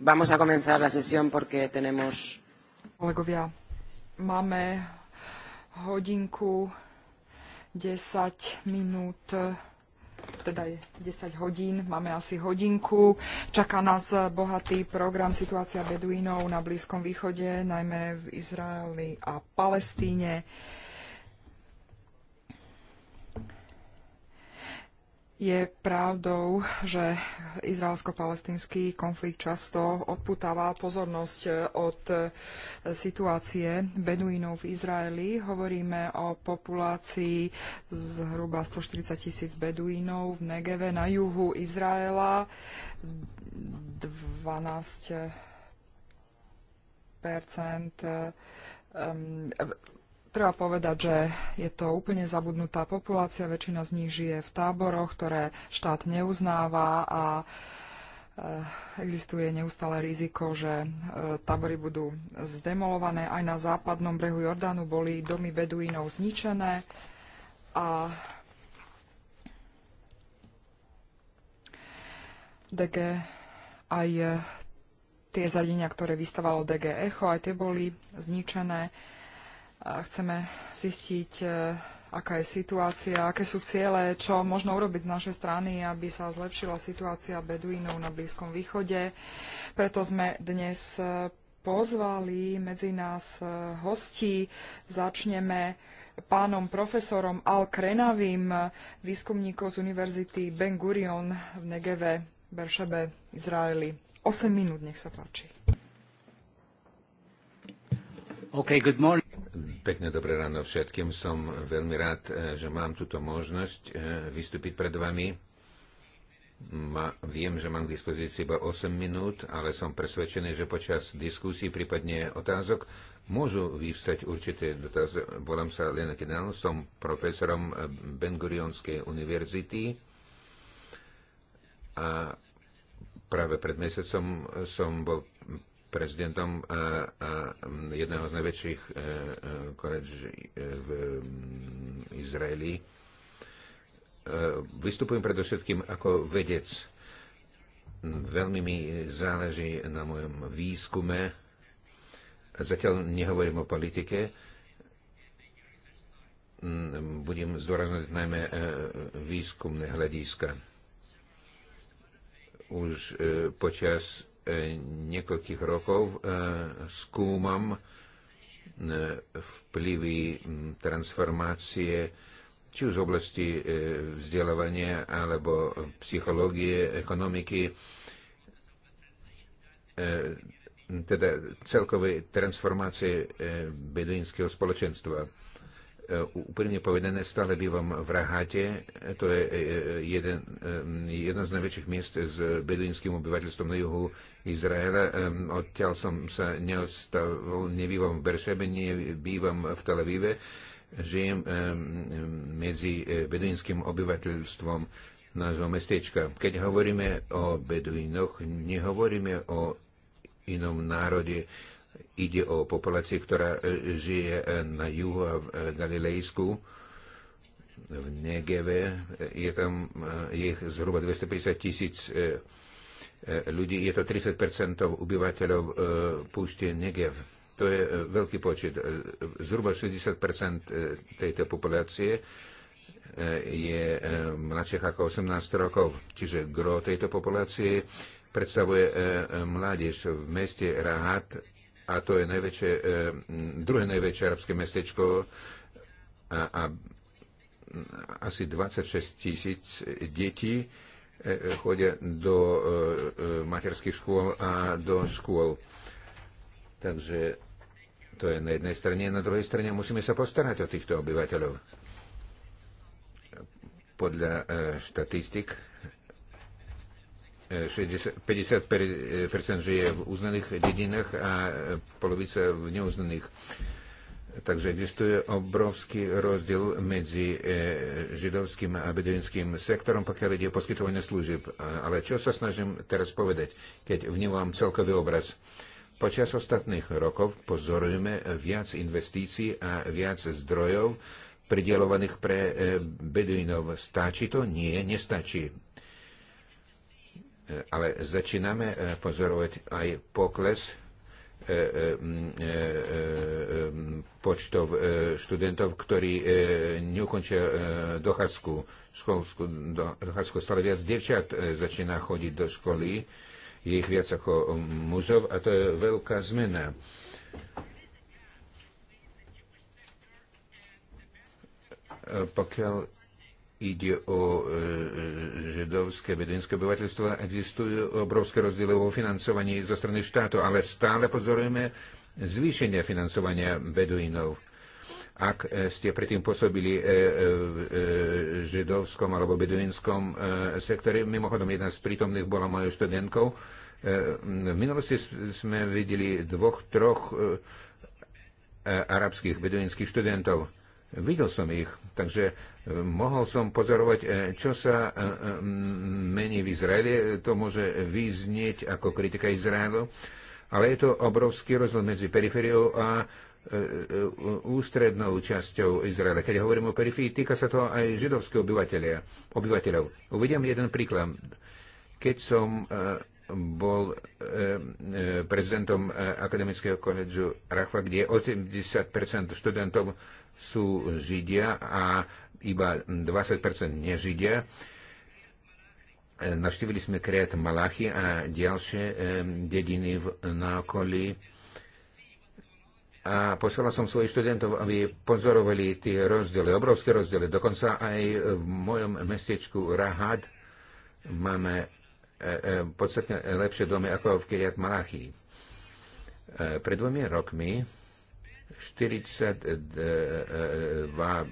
Vamos a comenzar la sesión porque tenemos... Kolegovia, máme hodinku 10 minút, teda 10 hodín, máme asi hodinku. Čaká nás bohatý program Situácia Beduínov na Blízkom východe, najmä v Izraeli a Palestíne. Je pravdou, že izraelsko-palestinský konflikt často odputáva pozornosť e, od e, situácie Beduínov v Izraeli. Hovoríme o populácii zhruba 140 tisíc Beduínov v Negeve na juhu Izraela. 12 e, percent treba povedať, že je to úplne zabudnutá populácia, väčšina z nich žije v táboroch, ktoré štát neuznáva a eh, existuje neustále riziko, že eh, tábory budú zdemolované. Aj na západnom brehu Jordánu boli domy beduínov zničené a DG aj eh, tie zariadenia, ktoré vystavalo DG Echo, aj tie boli zničené. Chceme zistiť, e, aká je situácia, aké sú ciele, čo možno urobiť z našej strany, aby sa zlepšila situácia Beduínov na Blízkom východe. Preto sme dnes e, pozvali medzi nás e, hostí. Začneme pánom profesorom Al Krenavým, výskumníkom z Univerzity Ben Gurion v Negeve, Beršebe, Izraeli. 8 minút, nech sa páči. Okay, good morning. Pekne dobré ráno všetkým. Som veľmi rád, e, že mám túto možnosť e, vystúpiť pred vami. Ma, viem, že mám k dispozícii iba 8 minút, ale som presvedčený, že počas diskusí, prípadne otázok, môžu vyvstať určité dotazy. Volám sa Lena Kinal, som profesorom Ben-Gurionskej univerzity a práve pred mesiacom som bol prezidentom eh, eh, jedného z najväčších eh, koreč v mm, Izraeli. Vystupujem predovšetkým ako vedec. Veľmi mi záleží na mojom výskume. Zatiaľ nehovorím o politike. Mm, budem zdôrazňovať najmä výskumné hľadiska už počas niekoľkých rokov e, skúmam e, vplyvy transformácie či už z oblasti e, vzdelávania alebo psychológie, ekonomiky, teda celkovej transformácie beduínskeho spoločenstva. Úprimne povedané, stále bývam v Rahate, to je jeden, jedno z najväčších miest s beduínskym obyvateľstvom na juhu Izraela. Odtiaľ som sa neodstavil, nebývam v Beršebe, nebývam v Tel Avive. Žijem medzi e, beduínskym obyvateľstvom nášho mestečka. Keď hovoríme o beduínoch, nehovoríme o inom národe. Ide o populáciu, ktorá e, žije e, na juhu a v Galilejsku v Negeve. Je tam je zhruba 250 tisíc E, ľudí. Je to 30 obyvateľov e, púšte Negev. To je e, veľký počet. Zhruba 60 tejto populácie je mladších ako 18 rokov. Čiže gro tejto populácie predstavuje mládež v meste Rahat a to je najväčšie, druhé najväčšie arabské mestečko a, a asi 26 tisíc detí E, e, chodia do e, materských škôl a do škôl. Takže to je na jednej strane. Na druhej strane musíme sa postarať o týchto obyvateľov. Podľa štatistik 60, 50% žije v uznaných dedinách a polovica v neuznaných. E, Takže existuje obrovský rozdiel medzi e, židovským a beduínským sektorom, pokiaľ ide o poskytovanie služieb. Ale čo sa snažím teraz povedať, keď vnímam celkový obraz? Počas ostatných rokov pozorujeme viac investícií a viac zdrojov pridelovaných pre e, beduinov. Stačí to? Nie, nestačí. E, ale začíname pozorovať aj pokles E, e, e, počtov študentov, ktorí neukončia dochádzku, školskú dochádzku. Stále viac devčat začína chodiť do školy, je ich viac ako mužov a to je veľká zmena. Pokiaľ ide o e, e, židovské vedenské obyvateľstvo, existujú obrovské rozdiely vo financovaní zo strany štátu, ale stále pozorujeme zvýšenie financovania beduínov. Ak e, ste predtým pôsobili v židovskom alebo beduínskom sektore, mimochodom jedna z prítomných bola mojou študentkou, v minulosti sme videli dvoch, troch arabských beduínskych študentov Videl som ich, takže e, mohol som pozorovať, e, čo sa e, mení v Izraeli. To môže vyznieť ako kritika Izraelu, ale je to obrovský rozdiel medzi perifériou a ústrednou časťou Izraela. Keď hovorím o periférii, týka sa to aj židovského obyvateľov. Uvediem jeden príklad. Keď som bol prezidentom Akademického koledžu Rachva, kde 80% študentov sú Židia a iba 20% nežidia. Navštívili sme Kriat Malachy a ďalšie dediny v, na okolí. A poslala som svojich študentov, aby pozorovali tie rozdiely, obrovské rozdiely. Dokonca aj v mojom mestečku Rahad máme e, e, podstatne lepšie domy ako v Kriat Malachy. E, pred dvomi rokmi 42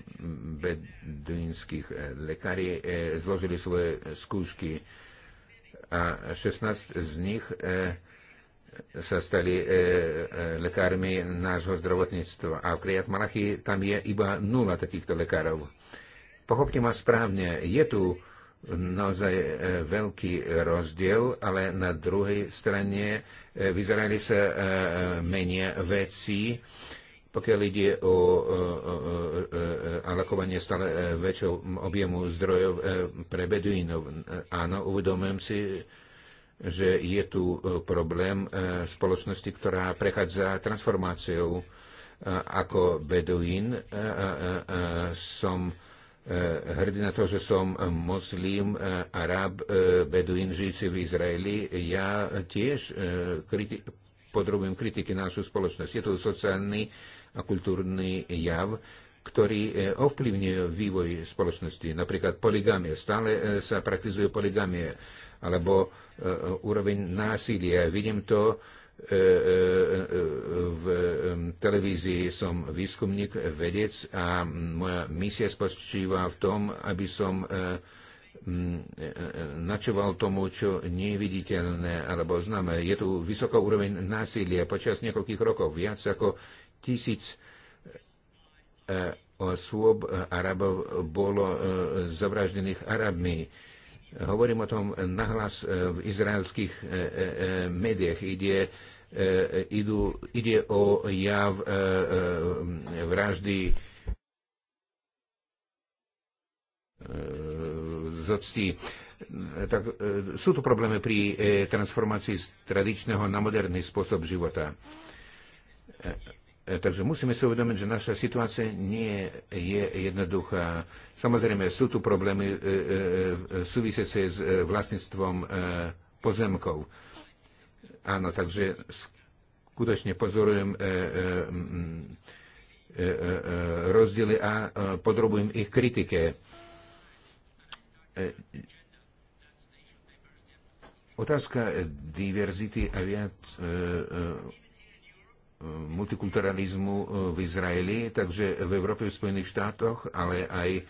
beduínskych lekári e, zložili svoje skúšky a 16 z nich e, sa stali e, lekármi nášho zdravotníctva. A v Kriat Malachy tam je iba nula takýchto lekárov. Pochopte ma správne, je tu naozaj veľký rozdiel, ale na druhej strane vyzerali sa menej veci pokiaľ ide o alokovanie stále e, väčšou objemu zdrojov e, pre Beduínov. Áno, uvedomujem si, že je tu e, problém spoločnosti, ktorá prechádza transformáciou ako Beduín. Som hrdý na to, že som moslim, arab, Beduín, žijúci v Izraeli. Ja tiež kriti- podrobím kritiky našu spoločnosť. Je to sociálny a kultúrny jav, ktorý e, ovplyvňuje vývoj spoločnosti. Napríklad poligamie. Stále e, sa praktizuje poligamie alebo e, úroveň násilia. Vidím to v televízii som výskumník, vedec a moja misia spočíva v tom, aby som načoval tomu, čo neviditeľné alebo známe. Je tu vysoká úroveň násilia počas niekoľkých rokov, viac ako tisíc eh, osôb eh, Arabov bolo eh, zavraždených Arabmi. Hovorím o tom nahlas v izraelských médiách. Ide, idú, ide o jav vraždy z octí. Tak, sú tu problémy pri transformácii z tradičného na moderný spôsob života E, takže musíme si uvedomiť, že naša situácia nie je jednoduchá. Samozrejme, sú tu problémy e, e, súvisiace s vlastníctvom pozemkov. Áno, takže skutočne pozorujem rozdiely a podrobujem ich kritike. Otázka diverzity a viac multikulturalizmu e, v Izraeli, takže v Európe, v Spojených štátoch, ale aj e,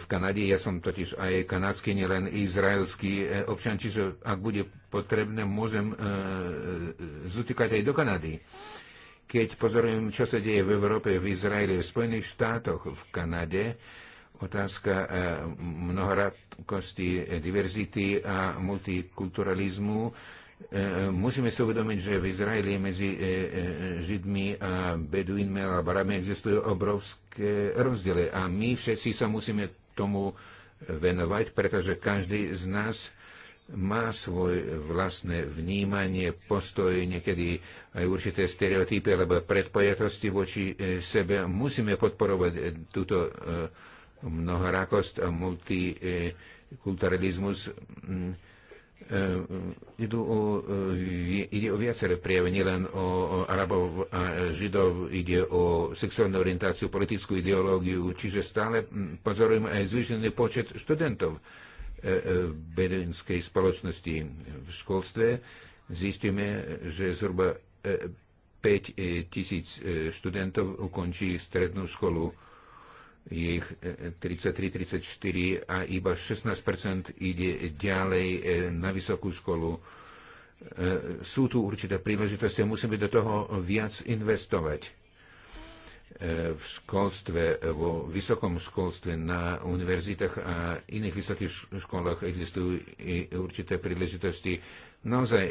v Kanade. Ja som totiž aj kanadský, nielen izraelský e, občan, čiže ak bude potrebné, môžem zutýkať aj do Kanady. Keď pozorujem, čo sa deje v Európe, v Izraeli, v Spojených štátoch, v Kanade, otázka mnohorakosti, diverzity a multikulturalizmu E, e, musíme si uvedomiť, že v Izraeli medzi e, Židmi a Beduínmi a Barami existujú obrovské rozdiely a my všetci sa musíme tomu venovať, pretože každý z nás má svoje vlastné vnímanie, postoj, niekedy aj určité stereotypy alebo predpojatosti voči sebe. Musíme podporovať túto mnohorakosť a multikulturalizmus. E, E, e, idú o, e, ide o viaceré prejavy, nielen o Arabov a Židov, ide o sexuálnu orientáciu, politickú ideológiu, čiže stále pozorujeme aj zvýšený počet študentov v beduínskej spoločnosti v školstve. Zistíme, že zhruba 5 tisíc študentov ukončí strednú školu je ich 33-34 e, a iba 16% ide ďalej e, na vysokú školu. E, sú tu určité príležitosti a musíme do toho viac investovať v školstve, vo vysokom školstve, na univerzitách a iných vysokých školách existujú i určité príležitosti. Naozaj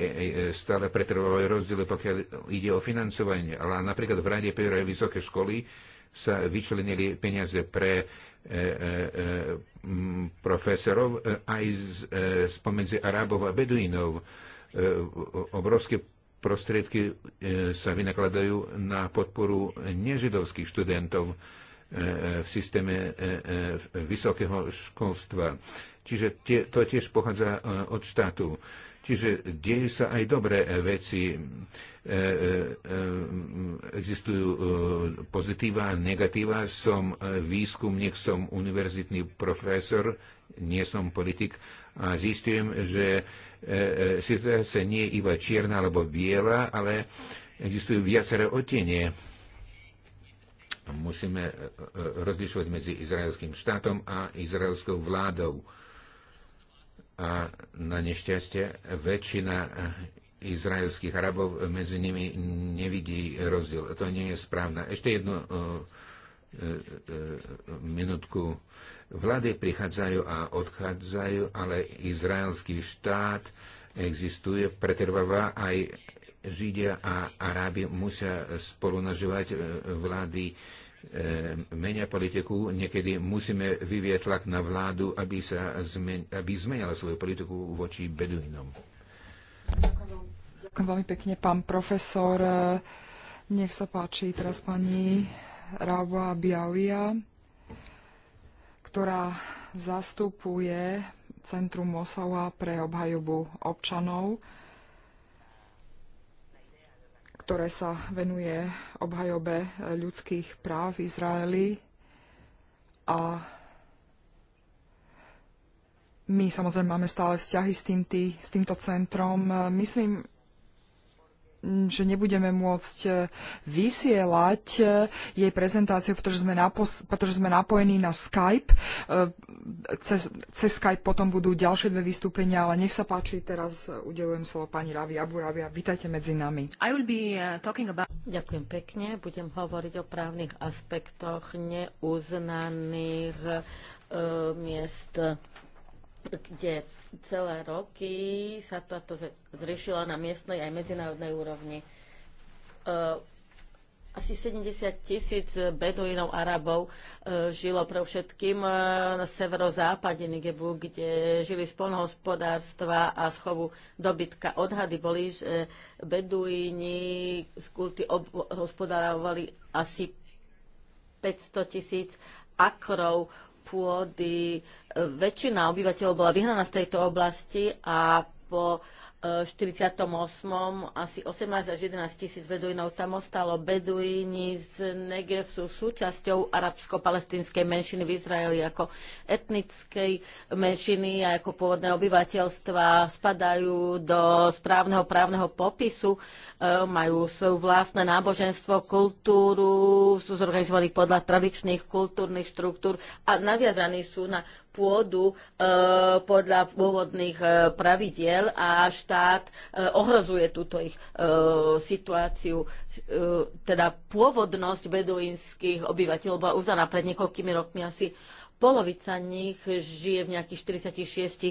stále pretrvávajú rozdiely, pokiaľ ide o financovanie, ale napríklad v Rade pre vysoké školy sa vyčlenili peniaze pre e, e, e, profesorov aj spomedzi Arábov a Beduínov. Obrovské prostriedky sa vynakladajú na podporu nežidovských študentov v systéme vysokého školstva. Čiže to tiež pochádza od štátu. Čiže dejú sa aj dobré e, veci, e, e, existujú pozitíva, a negatíva. Som výskumník, som univerzitný profesor, nie som politik a zistujem, že situácia nie je iba čierna alebo biela, ale existujú viaceré otenie. Musíme rozlišovať medzi izraelským štátom a izraelskou vládou a na nešťastie väčšina izraelských Arabov medzi nimi nevidí rozdiel. To nie je správne. Ešte jednu e, e, e, minutku. Vlády prichádzajú a odchádzajú, ale izraelský štát existuje, pretrváva aj Židia a Arábi musia nažívať vlády Eh, menia politiku, niekedy musíme vyvieť tlak na vládu, aby, sa zmen- aby zmenila svoju politiku voči Beduinom. Ďakujem veľmi pekne, pán profesor. Eh, nech sa páči teraz pani Rába Biavia, ktorá zastupuje Centrum Mosawa pre obhajobu občanov ktoré sa venuje obhajobe ľudských práv v Izraeli a my samozrejme máme stále vzťahy s, tým, tý, s týmto centrom. Myslím, že nebudeme môcť e, vysielať e, jej prezentáciu, pretože sme, napos- pretože sme napojení na Skype. E, cez, cez Skype potom budú ďalšie dve vystúpenia, ale nech sa páči, teraz udelujem slovo pani Ravi Aburavia. Vítajte medzi nami. Be, uh, about... Ďakujem pekne. Budem hovoriť o právnych aspektoch neuznaných uh, miest kde celé roky sa táto zriešila na miestnej aj medzinárodnej úrovni. E, asi 70 tisíc beduínov Arabov e, žilo pre všetkým e, na severozápade Nigebu, kde žili z polnohospodárstva a schovu dobytka. Odhady boli, že beduíni z kulty hospodárovali asi 500 tisíc akrov pôdy. E, väčšina obyvateľov bola vyhnaná z tejto oblasti a po 48. asi 18 až 11 tisíc beduínov tam ostalo. Beduíni z Negev sú súčasťou arabsko-palestinskej menšiny v Izraeli ako etnickej menšiny a ako pôvodné obyvateľstva spadajú do správneho právneho popisu, e, majú svoju vlastné náboženstvo, kultúru, sú zorganizovaní podľa tradičných kultúrnych štruktúr a naviazaní sú na pôdu e, podľa pôvodných e, pravidiel a štát e, ohrozuje túto ich situáciu. Teda pôvodnosť beduínskych obyvateľov bola uznaná pred niekoľkými rokmi asi polovica nich žije v nejakých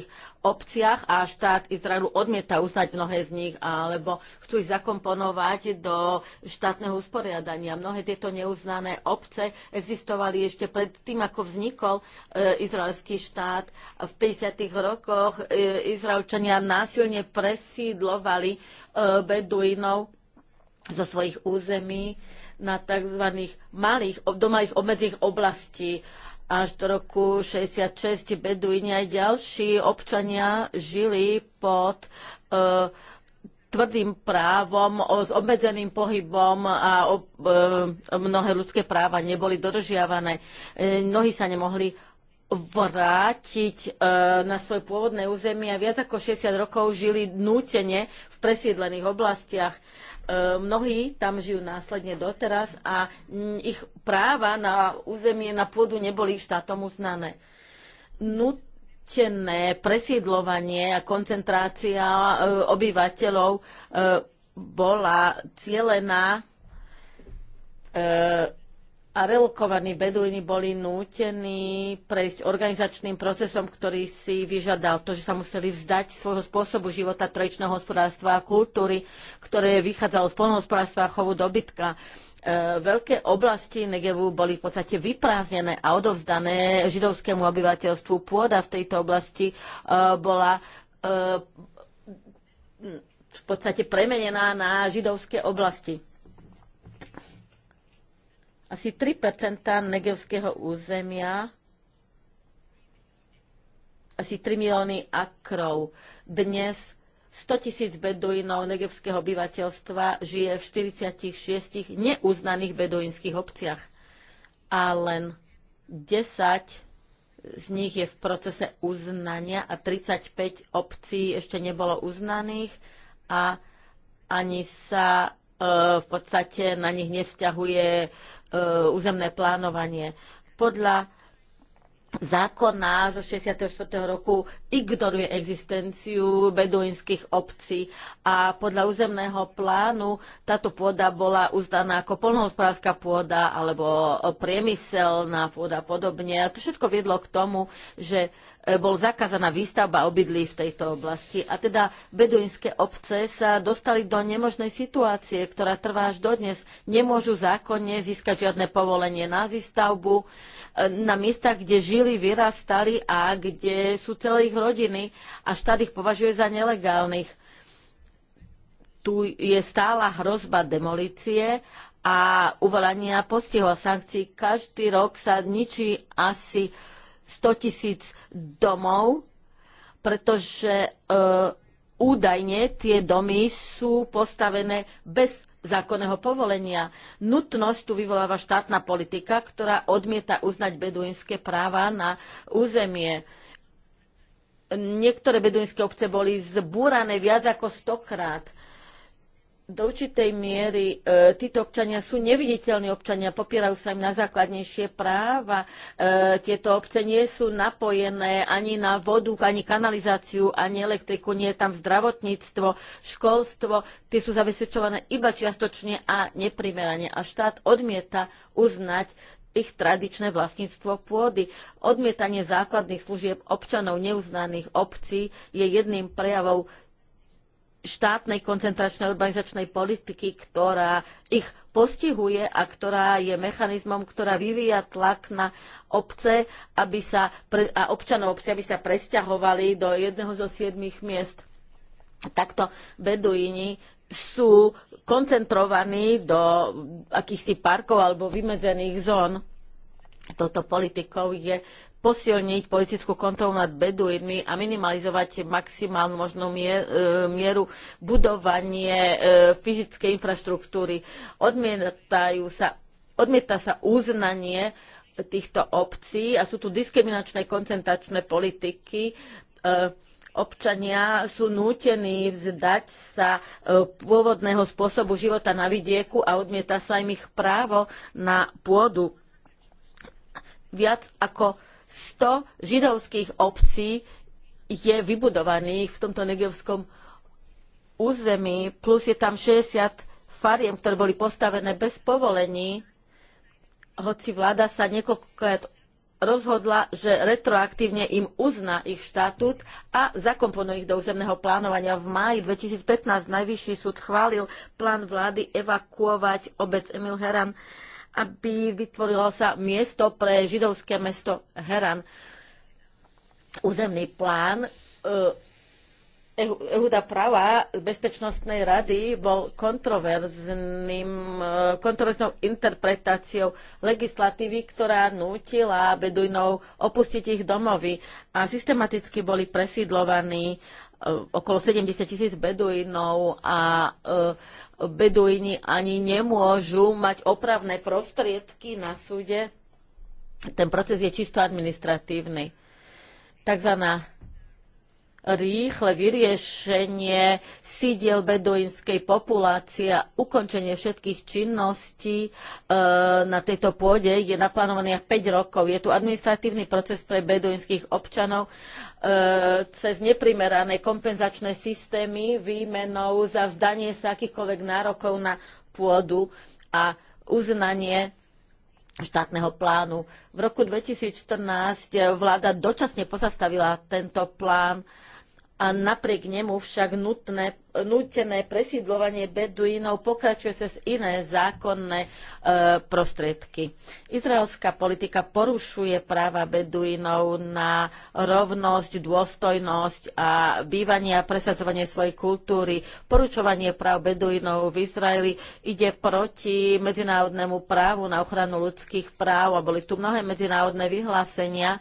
46 obciach a štát Izraelu odmieta uznať mnohé z nich alebo chcú ich zakomponovať do štátneho usporiadania. Mnohé tieto neuznané obce existovali ešte pred tým, ako vznikol e, izraelský štát. V 50. rokoch e, Izraelčania násilne presídlovali e, Beduinov zo svojich území na tzv. malých, do malých obmedzných oblastí až do roku 66 Beduíni aj ďalší občania žili pod e, tvrdým právom, o, s obmedzeným pohybom a o, e, mnohé ľudské práva neboli dodržiavané. E, mnohí sa nemohli vrátiť e, na svoje pôvodné územie a viac ako 60 rokov žili nútene v presídlených oblastiach. E, mnohí tam žijú následne doteraz a m, ich práva na územie, na pôdu neboli štátom uznané. Nútené presídlovanie a koncentrácia e, obyvateľov e, bola cielená e, a relokovaní beduíni boli nútení prejsť organizačným procesom, ktorý si vyžadal to, že sa museli vzdať svojho spôsobu života tradičného hospodárstva a kultúry, ktoré vychádzalo z polnohospodárstva a chovu dobytka. E, veľké oblasti Negevu boli v podstate vyprázdnené a odovzdané židovskému obyvateľstvu. Pôda v tejto oblasti e, bola e, v podstate premenená na židovské oblasti asi 3 negevského územia, asi 3 milióny akrov. Dnes 100 tisíc beduínov negevského obyvateľstva žije v 46 neuznaných beduínskych obciach a len 10 z nich je v procese uznania a 35 obcí ešte nebolo uznaných a ani sa e, v podstate na nich nevzťahuje E, územné plánovanie. Podľa zákona zo 64. roku ignoruje existenciu beduínskych obcí a podľa územného plánu táto pôda bola uznaná ako polnohospodárska pôda alebo priemyselná pôda a podobne. A to všetko viedlo k tomu, že bol zakázaná výstavba obydlí v tejto oblasti. A teda beduínske obce sa dostali do nemožnej situácie, ktorá trvá až dodnes. Nemôžu zákonne získať žiadne povolenie na výstavbu e, na miestach, kde žili, vyrastali a kde sú celé ich rodiny a štát ich považuje za nelegálnych. Tu je stála hrozba demolície a uvalania postihov a sankcií. Každý rok sa ničí asi 100 tisíc domov, pretože e, údajne tie domy sú postavené bez zákonného povolenia. Nutnosť tu vyvoláva štátna politika, ktorá odmieta uznať beduínske práva na územie. Niektoré beduínske obce boli zbúrané viac ako stokrát do určitej miery e, títo občania sú neviditeľní občania, popierajú sa im na základnejšie práva. E, tieto obce nie sú napojené ani na vodu, ani kanalizáciu, ani elektriku, nie je tam zdravotníctvo, školstvo. Tie sú zabezpečované iba čiastočne a neprimerane. A štát odmieta uznať ich tradičné vlastníctvo pôdy. Odmietanie základných služieb občanov neuznaných obcí je jedným prejavom štátnej koncentračnej urbanizačnej politiky, ktorá ich postihuje a ktorá je mechanizmom, ktorá vyvíja tlak na obce aby sa pre, a občanov obce, aby sa presťahovali do jedného zo siedmých miest. Takto beduíni sú koncentrovaní do akýchsi parkov alebo vymedzených zón. Toto politikou je posilniť politickú kontrolu nad Beduínmi a minimalizovať maximálnu možnú e, mieru budovanie e, fyzickej infraštruktúry. Odmietajú sa, odmieta sa uznanie týchto obcí a sú tu diskriminačné koncentračné politiky. E, občania sú nútení vzdať sa pôvodného spôsobu života na vidieku a odmieta sa im ich právo na pôdu. Viac ako 100 židovských obcí je vybudovaných v tomto negevskom území, plus je tam 60 fariem, ktoré boli postavené bez povolení, hoci vláda sa niekoľkokrát rozhodla, že retroaktívne im uzná ich štatút a zakomponuje ich do územného plánovania. V máji 2015 Najvyšší súd chválil plán vlády evakuovať obec Emil Heran aby vytvorilo sa miesto pre židovské mesto Heran. Územný plán e, Ehuda Prava Bezpečnostnej rady bol kontroverzným, e, kontroverznou interpretáciou legislatívy, ktorá nútila Beduinov opustiť ich domovy a systematicky boli presídlovaní E, okolo 70 tisíc beduínov a e, beduíni ani nemôžu mať opravné prostriedky na súde. Ten proces je čisto administratívny. Takzvaná rýchle vyriešenie sídiel beduínskej populácie a ukončenie všetkých činností e, na tejto pôde je naplánovaný 5 rokov. Je tu administratívny proces pre beduínskych občanov e, cez neprimerané kompenzačné systémy výmenou za vzdanie sa akýchkoľvek nárokov na pôdu a uznanie štátneho plánu. V roku 2014 vláda dočasne pozastavila tento plán a napriek nemu však nutné, nutené presídlovanie Beduínov pokračuje cez iné zákonné e, prostriedky. Izraelská politika porušuje práva Beduínov na rovnosť, dôstojnosť a bývanie a presadzovanie svojej kultúry. Poručovanie práv Beduínov v Izraeli ide proti medzinárodnému právu na ochranu ľudských práv a boli tu mnohé medzinárodné vyhlásenia, e,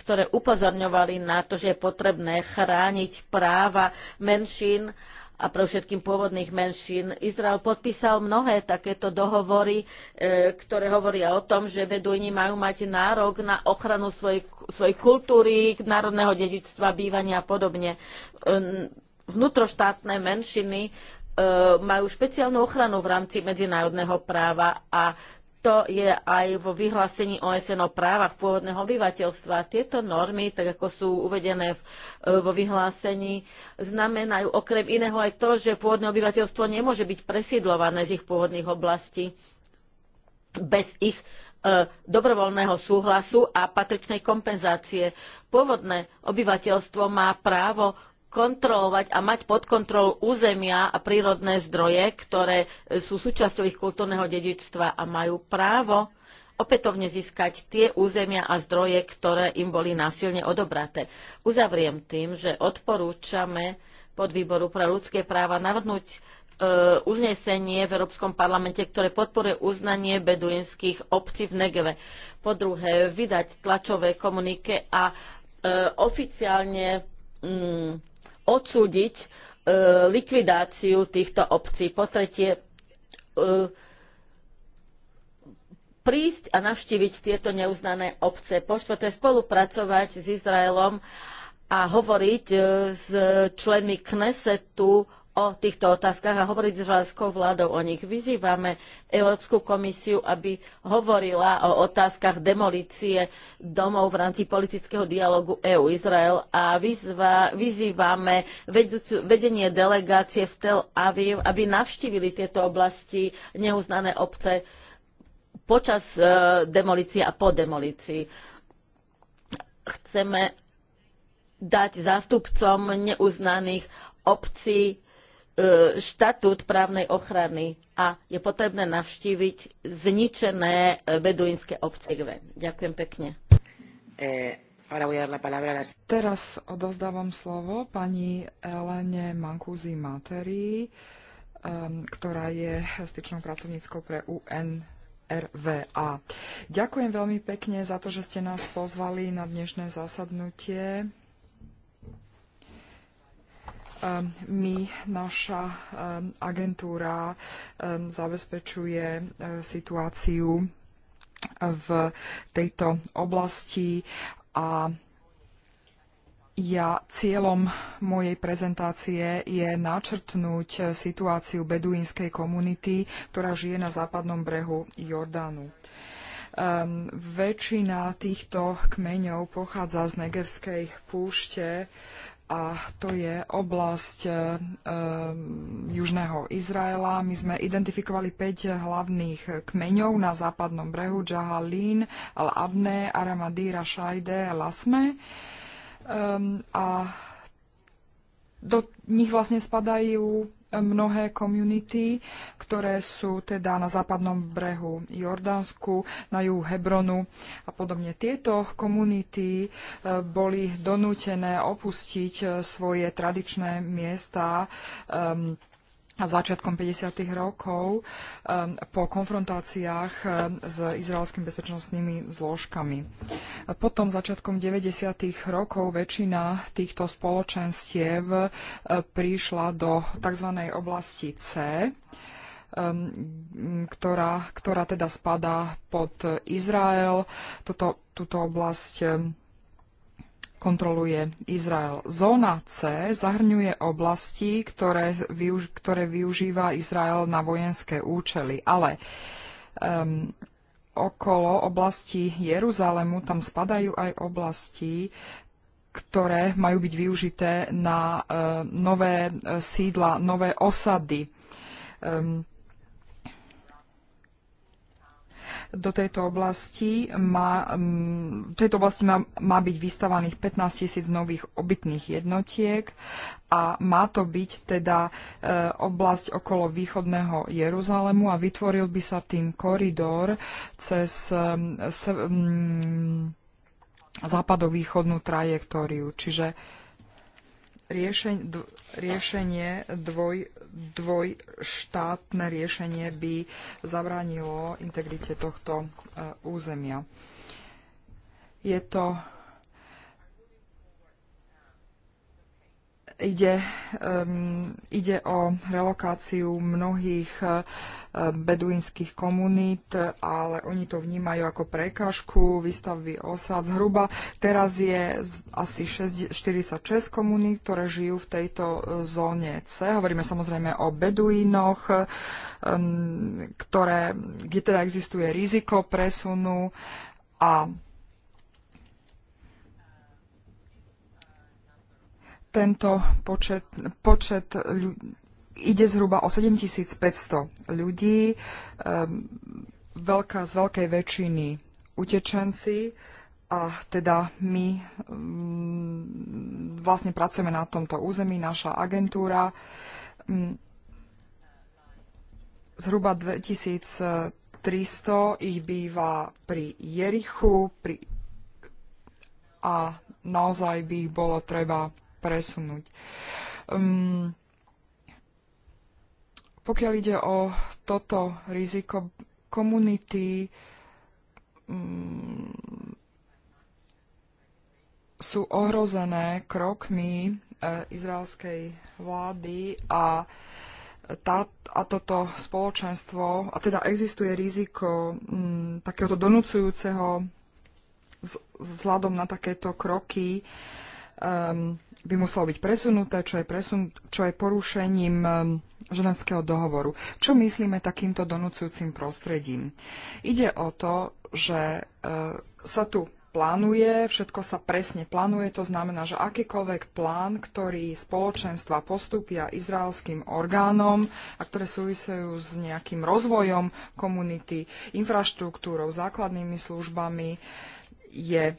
ktoré upozorňovali na to, že je potrebné chrániť práva menšín a pre všetkým pôvodných menšín. Izrael podpísal mnohé takéto dohovory, e, ktoré hovoria o tom, že Beduini majú mať nárok na ochranu svojej, svojej kultúry, národného dedičstva, bývania a podobne. E, vnútroštátne menšiny e, majú špeciálnu ochranu v rámci medzinárodného práva a to je aj vo vyhlásení OSN o právach pôvodného obyvateľstva. Tieto normy, tak ako sú uvedené v, e, vo vyhlásení, znamenajú okrem iného aj to, že pôvodné obyvateľstvo nemôže byť presiedlované z ich pôvodných oblastí bez ich e, dobrovoľného súhlasu a patričnej kompenzácie. Pôvodné obyvateľstvo má právo kontrolovať a mať pod kontrolou územia a prírodné zdroje, ktoré e, sú súčasťou ich kultúrneho dedičstva a majú právo opätovne získať tie územia a zdroje, ktoré im boli násilne odobraté. Uzavriem tým, že odporúčame pod výboru pre ľudské práva navrhnúť e, uznesenie v Európskom parlamente, ktoré podporuje uznanie beduinských obcí v Negeve. Po druhé, vydať tlačové komunike a e, oficiálne mm, odsúdiť e, likvidáciu týchto obcí. Po tretie, e, prísť a navštíviť tieto neuznané obce. Po štvrté, spolupracovať s Izraelom a hovoriť e, s členmi Knesetu o týchto otázkach a hovoriť s izraelskou vládou o nich. Vyzývame Európsku komisiu, aby hovorila o otázkach demolície domov v rámci politického dialogu EU-Izrael a vyzva, vyzývame vedúcu, vedenie delegácie v Tel Aviv, aby navštívili tieto oblasti neuznané obce počas e, demolície a po demolícii. Chceme dať zástupcom neuznaných obcí E, štatút právnej ochrany a je potrebné navštíviť zničené e, beduínske obce. Ďakujem pekne. E, Teraz odozdávam slovo pani Elene Mankuzi Materi, ktorá je styčnou pracovníckou pre UNRVA. Ďakujem veľmi pekne za to, že ste nás pozvali na dnešné zasadnutie. Ehm, my, naša ehm, agentúra ehm, zabezpečuje e, situáciu e, v tejto oblasti a ja cieľom mojej prezentácie je načrtnúť e, situáciu beduínskej komunity, ktorá žije na západnom brehu Jordánu. Um, väčšina týchto kmeňov pochádza z Negevskej púšte, a to je oblasť e, e, južného Izraela. My sme identifikovali 5 hlavných kmeňov na západnom brehu Jahalín, Al-Abne, Aramadíra, Šajde, Lasme. a do nich vlastne spadajú mnohé komunity, ktoré sú teda na západnom brehu Jordánsku, na juhu Hebronu a podobne. Tieto komunity e, boli donútené opustiť e, svoje tradičné miesta um, a začiatkom 50. rokov um, po konfrontáciách um, s izraelskými bezpečnostnými zložkami. Potom začiatkom 90. rokov väčšina týchto spoločenstiev uh, prišla do tzv. oblasti C, um, ktorá, ktorá teda spadá pod Izrael. Toto, túto oblasť kontroluje Izrael. Zóna C zahrňuje oblasti, ktoré, využ- ktoré využíva Izrael na vojenské účely, ale um, okolo oblasti Jeruzalemu tam spadajú aj oblasti, ktoré majú byť využité na uh, nové e, sídla, nové osady. Um, do tejto oblasti má, mm, v tejto oblasti má, má byť vystavaných 15 tisíc nových obytných jednotiek a má to byť teda e, oblasť okolo východného Jeruzalemu a vytvoril by sa tým koridor cez mm, mm, západovýchodnú trajektóriu. Čiže riešen, d, riešenie dvoj, dvojštátne riešenie by zabránilo integrite tohto e, územia. Je to ide, um, ide o relokáciu mnohých beduínskych komunít, ale oni to vnímajú ako prekážku výstavby osad. Zhruba teraz je asi 6, 46 komunít, ktoré žijú v tejto e, zóne C. Hovoríme samozrejme o beduínoch, ktoré, kde teda existuje riziko presunu a tento počet, počet ľudí, ide zhruba o 7500 ľudí, um, veľká, z veľkej väčšiny utečenci a teda my um, vlastne pracujeme na tomto území, naša agentúra. Um, zhruba 2300 ich býva pri Jerichu pri, a naozaj by ich bolo treba presunúť. Um, pokiaľ ide o toto riziko komunity, ehm, sú ohrozené krokmi eh, izraelskej vlády a, tá, a toto spoločenstvo, a teda existuje riziko m, mm, takéhoto donúcujúceho vzhľadom na takéto kroky, um, by muselo byť presunuté, čo je, presun, čo je porušením um, ženského dohovoru. Čo myslíme takýmto donúcujúcim prostredím? Ide o to, že uh, sa tu plánuje, všetko sa presne plánuje, to znamená, že akýkoľvek plán, ktorý spoločenstva postupia izraelským orgánom a ktoré súvisujú s nejakým rozvojom komunity, infraštruktúrou, základnými službami, je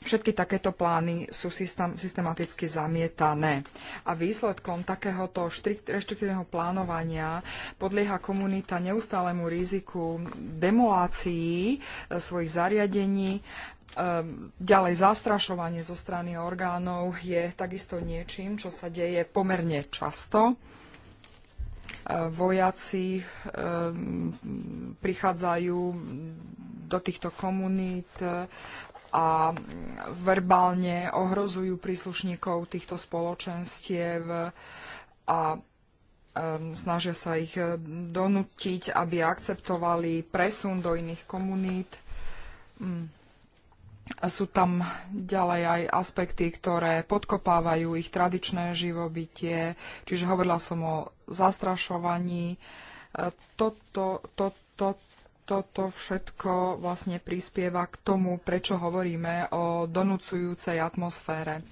Všetky takéto plány sú systém, systematicky zamietané. A výsledkom takéhoto reštriktívneho plánovania podlieha komunita neustálemu riziku demolácií e, svojich zariadení. E, ďalej zastrašovanie zo strany orgánov je takisto niečím, čo sa deje pomerne často e, vojaci prichádzajú do týchto komunít a verbálne ohrozujú príslušníkov týchto spoločenstiev a snažia sa ich eh, donútiť, aby akceptovali presun do iných komunít. Mm. Sú tam ďalej aj aspekty, ktoré podkopávajú ich tradičné živobytie, čiže hovorila som o zastrašovaní. Eh, toto, to, to, toto všetko vlastne prispieva k tomu, prečo hovoríme o donúcujúcej atmosfére.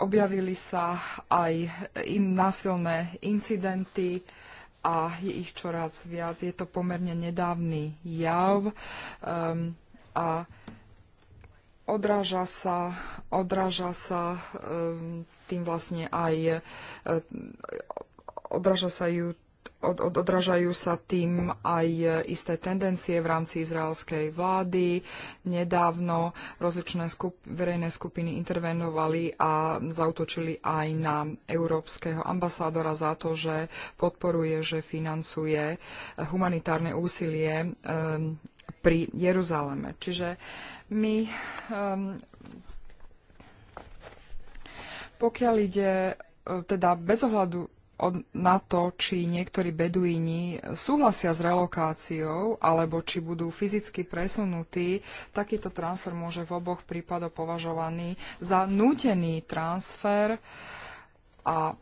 Objavili sa aj in, násilné incidenty, a je ich čoraz viac. Je to pomerne nedávny jav um, a odráža sa, odráža sa um, tým vlastne aj um, odráža sa ju od, od, odražajú sa tým aj isté tendencie v rámci izraelskej vlády. Nedávno rozličné skup, verejné skupiny intervenovali a zautočili aj na európskeho ambasádora za to, že podporuje, že financuje humanitárne úsilie um, pri Jeruzaleme. Čiže my, um, pokiaľ ide e, teda bez ohľadu na to, či niektorí beduíni súhlasia s relokáciou alebo či budú fyzicky presunutí, takýto transfer môže v oboch prípadoch považovaný za nútený transfer a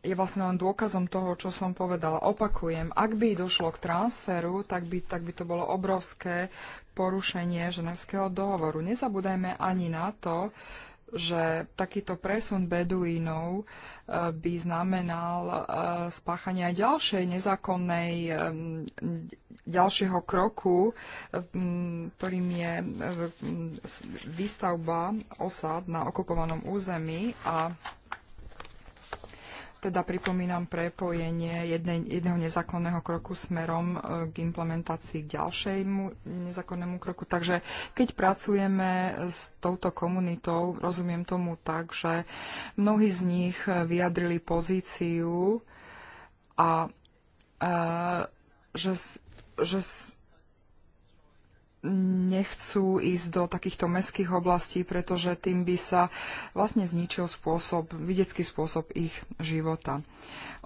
je vlastne len dôkazom toho, čo som povedala. Opakujem, ak by došlo k transferu, tak by, tak by to bolo obrovské porušenie ženevského dohovoru. Nezabúdajme ani na to, že takýto presun beduínov eh, by znamenal eh, spáchanie aj ďalšej nezákonnej eh, ďalšieho kroku, ktorým je výstavba osád na okupovanom území a teda pripomínam prepojenie jednej, jedného nezákonného kroku smerom e, k implementácii k ďalšejmu nezákonnému kroku. Takže keď pracujeme s touto komunitou, rozumiem tomu tak, že mnohí z nich vyjadrili pozíciu a, a e, že, že nechcú ísť do takýchto mestských oblastí, pretože tým by sa vlastne zničil spôsob, videcký spôsob ich života.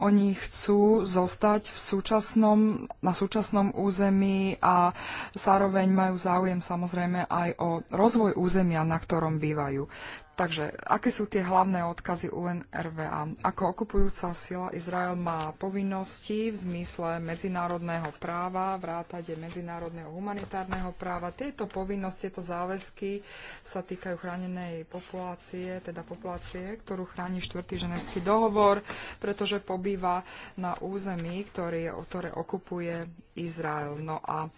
Oni chcú zostať v súčasnom, na súčasnom území a zároveň majú záujem samozrejme aj o rozvoj územia, na ktorom bývajú. Takže, aké sú tie hlavné odkazy UNRVA. Ako okupujúca sila Izrael má povinnosti v zmysle medzinárodného práva, vrátade medzinárodného humanitárneho práva. Tieto povinnosti, tieto záväzky sa týkajú chránenej populácie, teda populácie, ktorú chráni 4. ženevský dohovor, pretože po pobýva na území, ktoré, ktoré okupuje Izrael. No a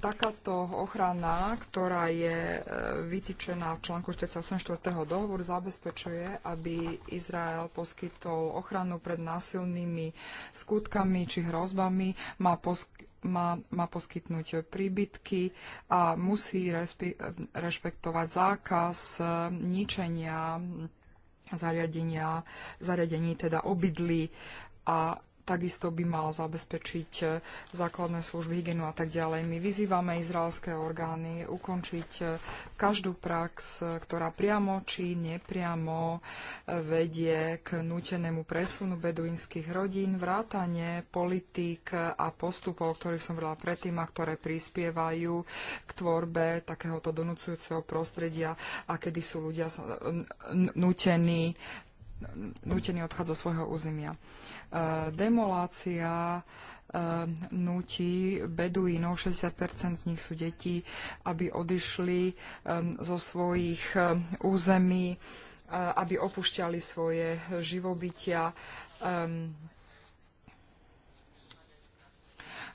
takáto ochrana, ktorá je e, vytýčená v článku 48.4. dohovoru, zabezpečuje, aby Izrael poskytol ochranu pred násilnými skutkami či hrozbami, má poskytnúť má, má poskytnúť príbytky a musí rešpektovať zákaz ničenia zariadenia, zariadení, teda obydlí a takisto by mala zabezpečiť e, základné služby, hygienu a tak ďalej. My vyzývame izraelské orgány ukončiť e, každú prax, e, ktorá priamo či nepriamo vedie k nutenému presunu beduínskych rodín, vrátanie politík a postupov, o ktorých som vedela predtým a ktoré prispievajú k tvorbe takéhoto donúcujúceho prostredia a kedy sú ľudia nutení, nutení odchádzať zo svojho územia. E, demolácia e, nutí beduínov, 60% z nich sú deti, aby odišli e, zo svojich území, aby opúšťali svoje živobytia. Ehm,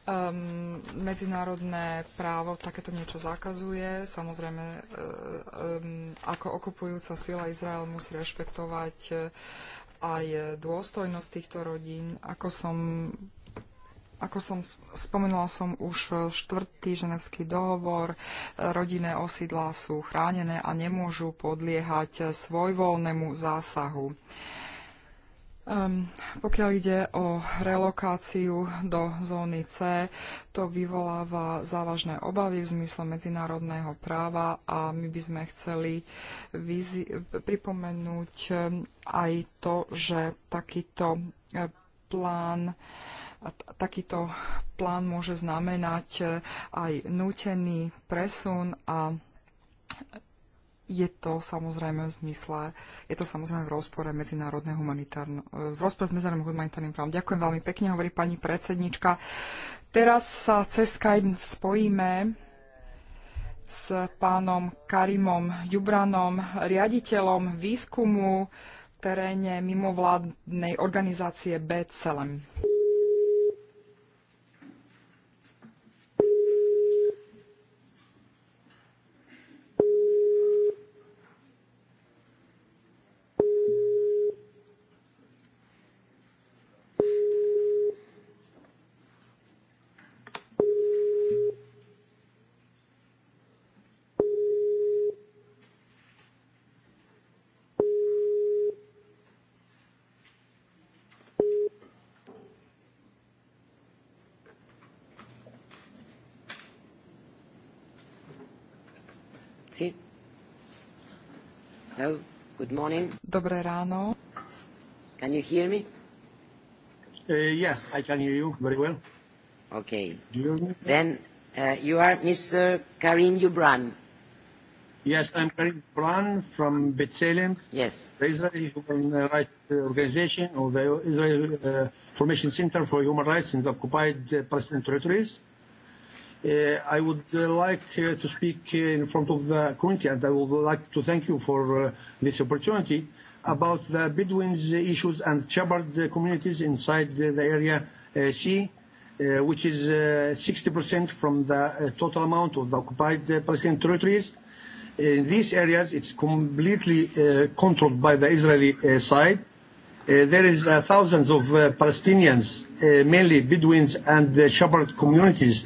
ehm, medzinárodné právo takéto niečo zakazuje. Samozrejme, ako okupujúca sila Izrael musí rešpektovať aj dôstojnosť týchto rodín. Ako som, ako som spomenula som už štvrtý ženevský dohovor, rodinné osídlá sú chránené a nemôžu podliehať svojvoľnému zásahu. Uh, Um, pokiaľ ide o relokáciu do zóny C, to vyvoláva závažné obavy v zmysle medzinárodného práva a my by sme chceli pripomenúť aj to, že takýto e, plán takýto plán môže znamenať e, aj nútený presun a je to samozrejme v zmysle, je to samozrejme v rozpore medzinárodné humanitárne, v rozpore s medzinárodným humanitárnym právom. Ďakujem veľmi pekne, hovorí pani predsednička. Teraz sa cez Skype spojíme s pánom Karimom Jubranom, riaditeľom výskumu v teréne mimovládnej organizácie BCLM. morning. Dobré ráno. Can you hear me? Uh, yeah, I can hear you very well. Okay. Do you hear me? Then uh, you are Mr. Karim Yubran. Yes, I'm Karim Yubran from B'Tselem. Yes. The Israeli Human Rights Organization or the Israel uh, Formation Center for Human Rights in the occupied uh, Palestinian territories. Uh, I would uh, like uh, to speak uh, in front of the committee, and I would like to thank you for uh, this opportunity about the Bedouins issues and shepherd communities inside the, the area uh, C, uh, which is uh, 60% from the uh, total amount of the occupied uh, Palestinian territories. In these areas, it's completely uh, controlled by the Israeli uh, side. Uh, there is uh, thousands of uh, Palestinians, uh, mainly Bedouins and uh, shepherd communities,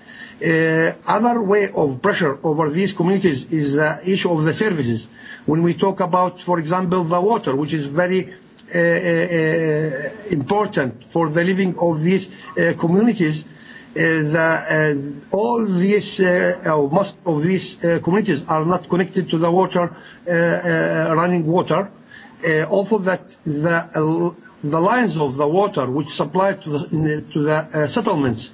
Uh, other way of pressure over these communities is the issue of the services. When we talk about, for example, the water, which is very uh, uh, important for the living of these uh, communities, uh, the, uh, all these, uh, uh, most of these uh, communities are not connected to the water, uh, uh, running water. Uh, also that the, uh, the lines of the water which supply to the, to the uh, settlements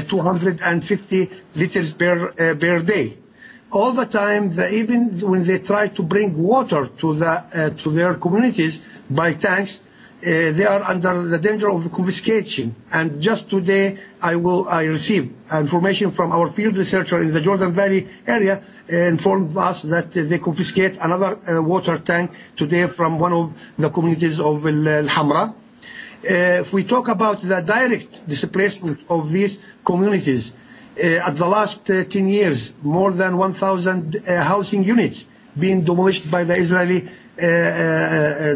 250 uh, liters per, uh, per day. All the time, the, even when they try to bring water to, the, uh, to their communities by tanks, uh, they are under the danger of confiscation. And just today, I will I receive information from our field researcher in the Jordan Valley area uh, informed us that uh, they confiscate another uh, water tank today from one of the communities of Al Hamra. Uh, if we talk about the direct displacement of these communities, uh, at the last uh, 10 years, more than 1,000 uh, housing units being demolished by the Israeli uh, uh,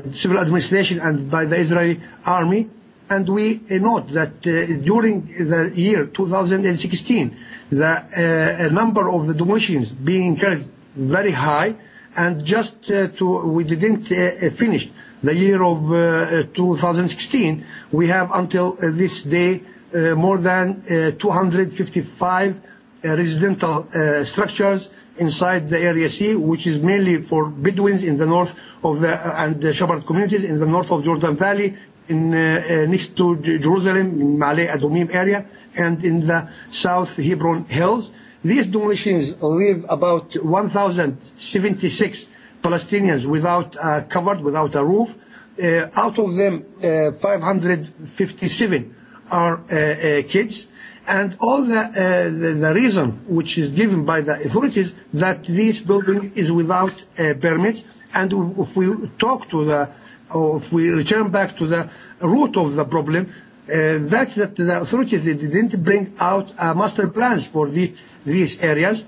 uh civil administration and by the Israeli army. And we uh, note that uh, during the year 2016, the uh, uh, number of the demolitions being increased very high, and just uh, to, we didn't uh, uh finish the year of uh, 2016, we have until uh, this day uh, more than uh, 255 uh, residential uh, structures inside the area C, which is mainly for Bedouins in the north of the uh, and the Shabbat communities in the north of Jordan Valley, in uh, uh, next to J- Jerusalem, in Male Adumim area, and in the south Hebron Hills. These demolitions leave about 1,076 Palestinians without uh, covered, without a roof. Uh, out of them, uh, 557 are uh, uh, kids. And all the, uh, the, the reason which is given by the authorities that this building is without uh, permits. And if we talk to the, or if we return back to the root of the problem, uh, that's that the authorities didn't bring out uh, master plans for the, these areas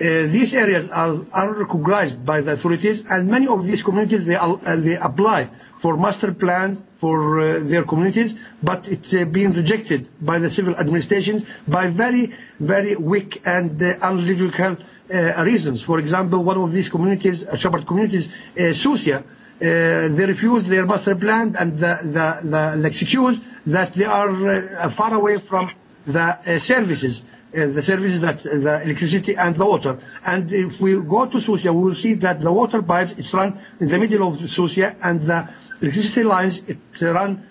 Uh, these areas are, are recognized by the authorities and many of these communities they, uh, they apply for master plan for uh, their communities but it's uh, being rejected by the civil administrations by very very weak and uh, unlogical uh, reasons for example one of these communities uh, shepherd communities uh, Susia uh, they refuse their master plan and the, the, the, the excuse that they are uh, far away from the uh, services uh, the services that uh, the electricity and the water. And if we go to Susia, we will see that the water pipes it's run in the middle of Susia, and the electricity lines it run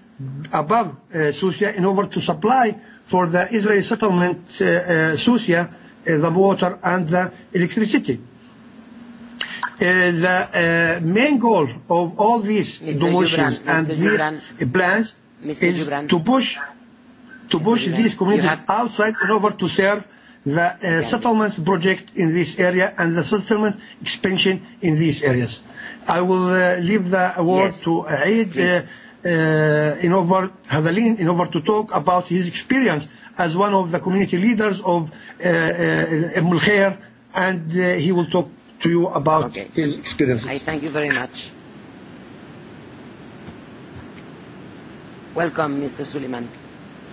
above uh, Susia in order to supply for the Israeli settlement uh, uh, Susia uh, the water and the electricity. Uh, the uh, main goal of all these Mr. demotions Gibran, and Mr. these Gibran, plans Mr. is Gibran. to push to push these communities outside and over to serve the uh, yes. settlements project in this area and the settlement expansion in these areas. I will uh, leave the word yes. to Aid uh, uh, in over Hadalin in over to talk about his experience as one of the community leaders of uh, uh, Ibn Khair and uh, he will talk to you about okay. his experience. I thank you very much. Welcome, Mr. Suleiman.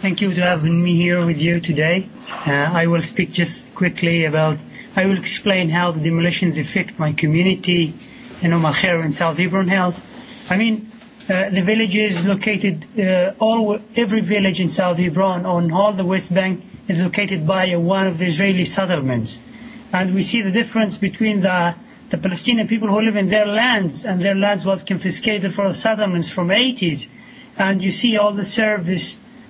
Thank you to having me here with you today. Uh, I will speak just quickly about, I will explain how the demolitions affect my community in Umm Khair and South Hebron Health. I mean, uh, the village is located, uh, all, every village in South Hebron on all the West Bank is located by uh, one of the Israeli settlements. And we see the difference between the, the Palestinian people who live in their lands, and their lands was confiscated for the settlements from 80s. And you see all the service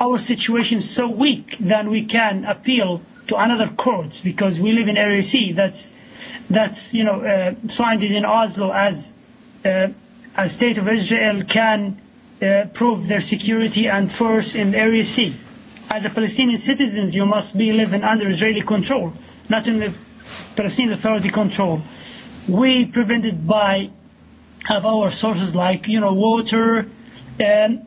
our situation is so weak that we can appeal to another courts because we live in Area C. That's that's you know uh, signed it in Oslo as uh, a state of Israel can uh, prove their security and force in Area C. As a Palestinian citizens, you must be living under Israeli control, not in the Palestinian Authority control. We prevented by have our sources like you know water and um,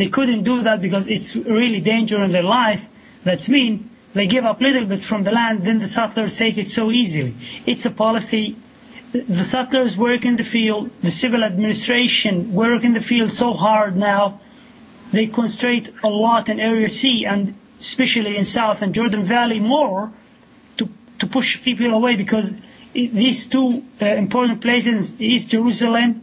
They couldn't do that because it's really danger in their life. That's mean they give up a little bit from the land, then the settlers take it so easily. It's a policy. The settlers work in the field, the civil administration work in the field so hard now. They concentrate a lot in Area C and especially in South and Jordan Valley more to, to push people away because these two uh, important places, East Jerusalem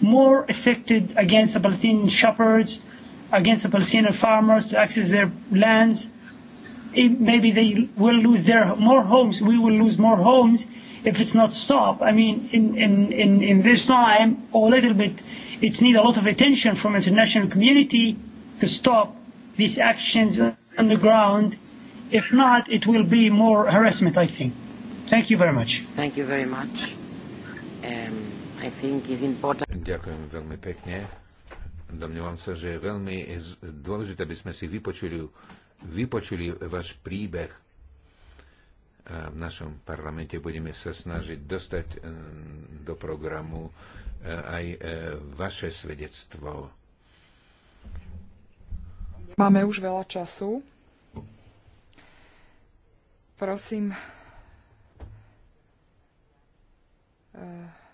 more effective against the Palestinian shepherds, against the Palestinian farmers to access their lands. It, maybe they will lose their more homes. We will lose more homes if it's not stopped. I mean, in, in, in, in this time, or a little bit, it needs a lot of attention from international community to stop these actions on the ground. If not, it will be more harassment, I think. Thank you very much. Thank you very much. Um, Ďakujem veľmi pekne. Domnievam sa, že je veľmi dôležité, aby sme si vypočuli, vypočuli váš príbeh. A v našom parlamente budeme sa snažiť dostať e, do programu e, aj e, vaše svedectvo. Máme už veľa času. Prosím,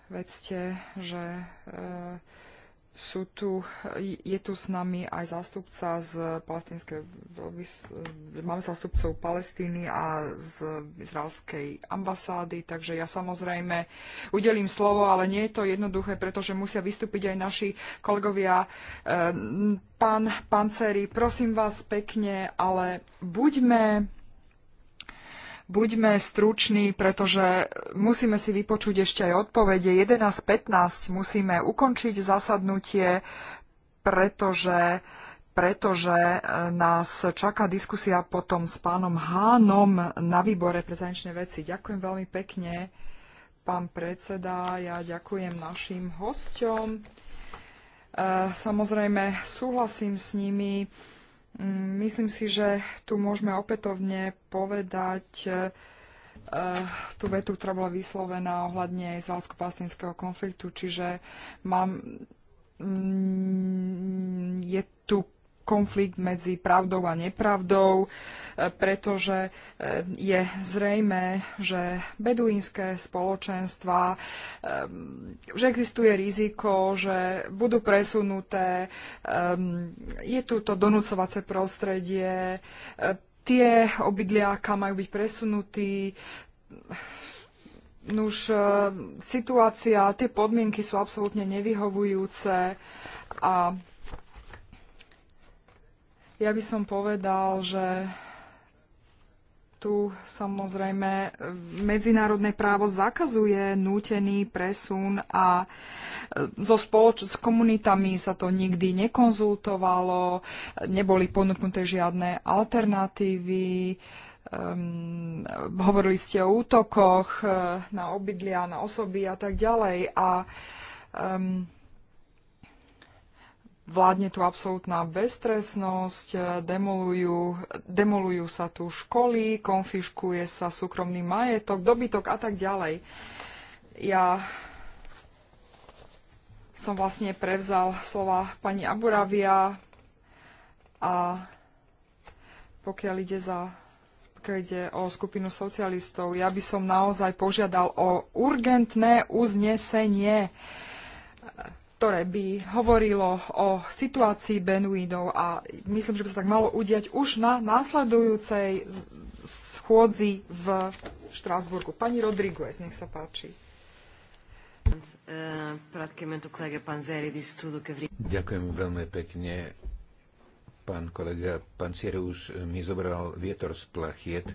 vedzte, že e, sú tu, je tu s nami aj zástupca z palestinskej, máme zástupcov Palestíny a z izraelskej ambasády, takže ja samozrejme udelím slovo, ale nie je to jednoduché, pretože musia vystúpiť aj naši kolegovia. E, pán Panceri, prosím vás pekne, ale buďme buďme struční, pretože musíme si vypočuť ešte aj odpovede. 11.15 musíme ukončiť zasadnutie, pretože pretože e, nás čaká diskusia potom s pánom Hánom na výbore pre zahraničné veci. Ďakujem veľmi pekne, pán predseda. Ja ďakujem našim hosťom. E, samozrejme, súhlasím s nimi. Myslím si, že tu môžeme opätovne povedať eh, tú vetu, ktorá bola vyslovená ohľadne izraelsko-palestinského konfliktu, čiže mám, mm, je tu konflikt medzi pravdou a nepravdou, e, pretože e, je zrejme, že beduínske spoločenstva, že existuje riziko, že budú presunuté, e, je tu to donúcovace prostredie, tie obydlia, kam majú byť presunutí, Nuž, situácia, tie podmienky sú absolútne nevyhovujúce a ja by som povedal, že tu samozrejme medzinárodné právo zakazuje nútený presun a e, so spoloč- s komunitami sa to nikdy nekonzultovalo, neboli ponúknuté žiadne alternatívy. Um, hovorili ste o útokoch e, na obydlia, na osoby a tak ďalej. A um, Vládne tu absolútna beztresnosť, e, demolujú, demolujú sa tu školy, konfiškuje sa súkromný majetok, dobytok a tak ďalej. Ja som vlastne prevzal slova pani Aburavia a pokiaľ ide, za, pokiaľ ide o skupinu socialistov, ja by som naozaj požiadal o urgentné uznesenie ktoré by hovorilo o situácii Benuínov a myslím, že by sa tak malo udiať už na následujúcej schôdzi v Štrásburgu. Pani Rodriguez, nech sa páči. Ďakujem veľmi pekne. Pán kolega Pancieri už mi zobral vietor z plachiet.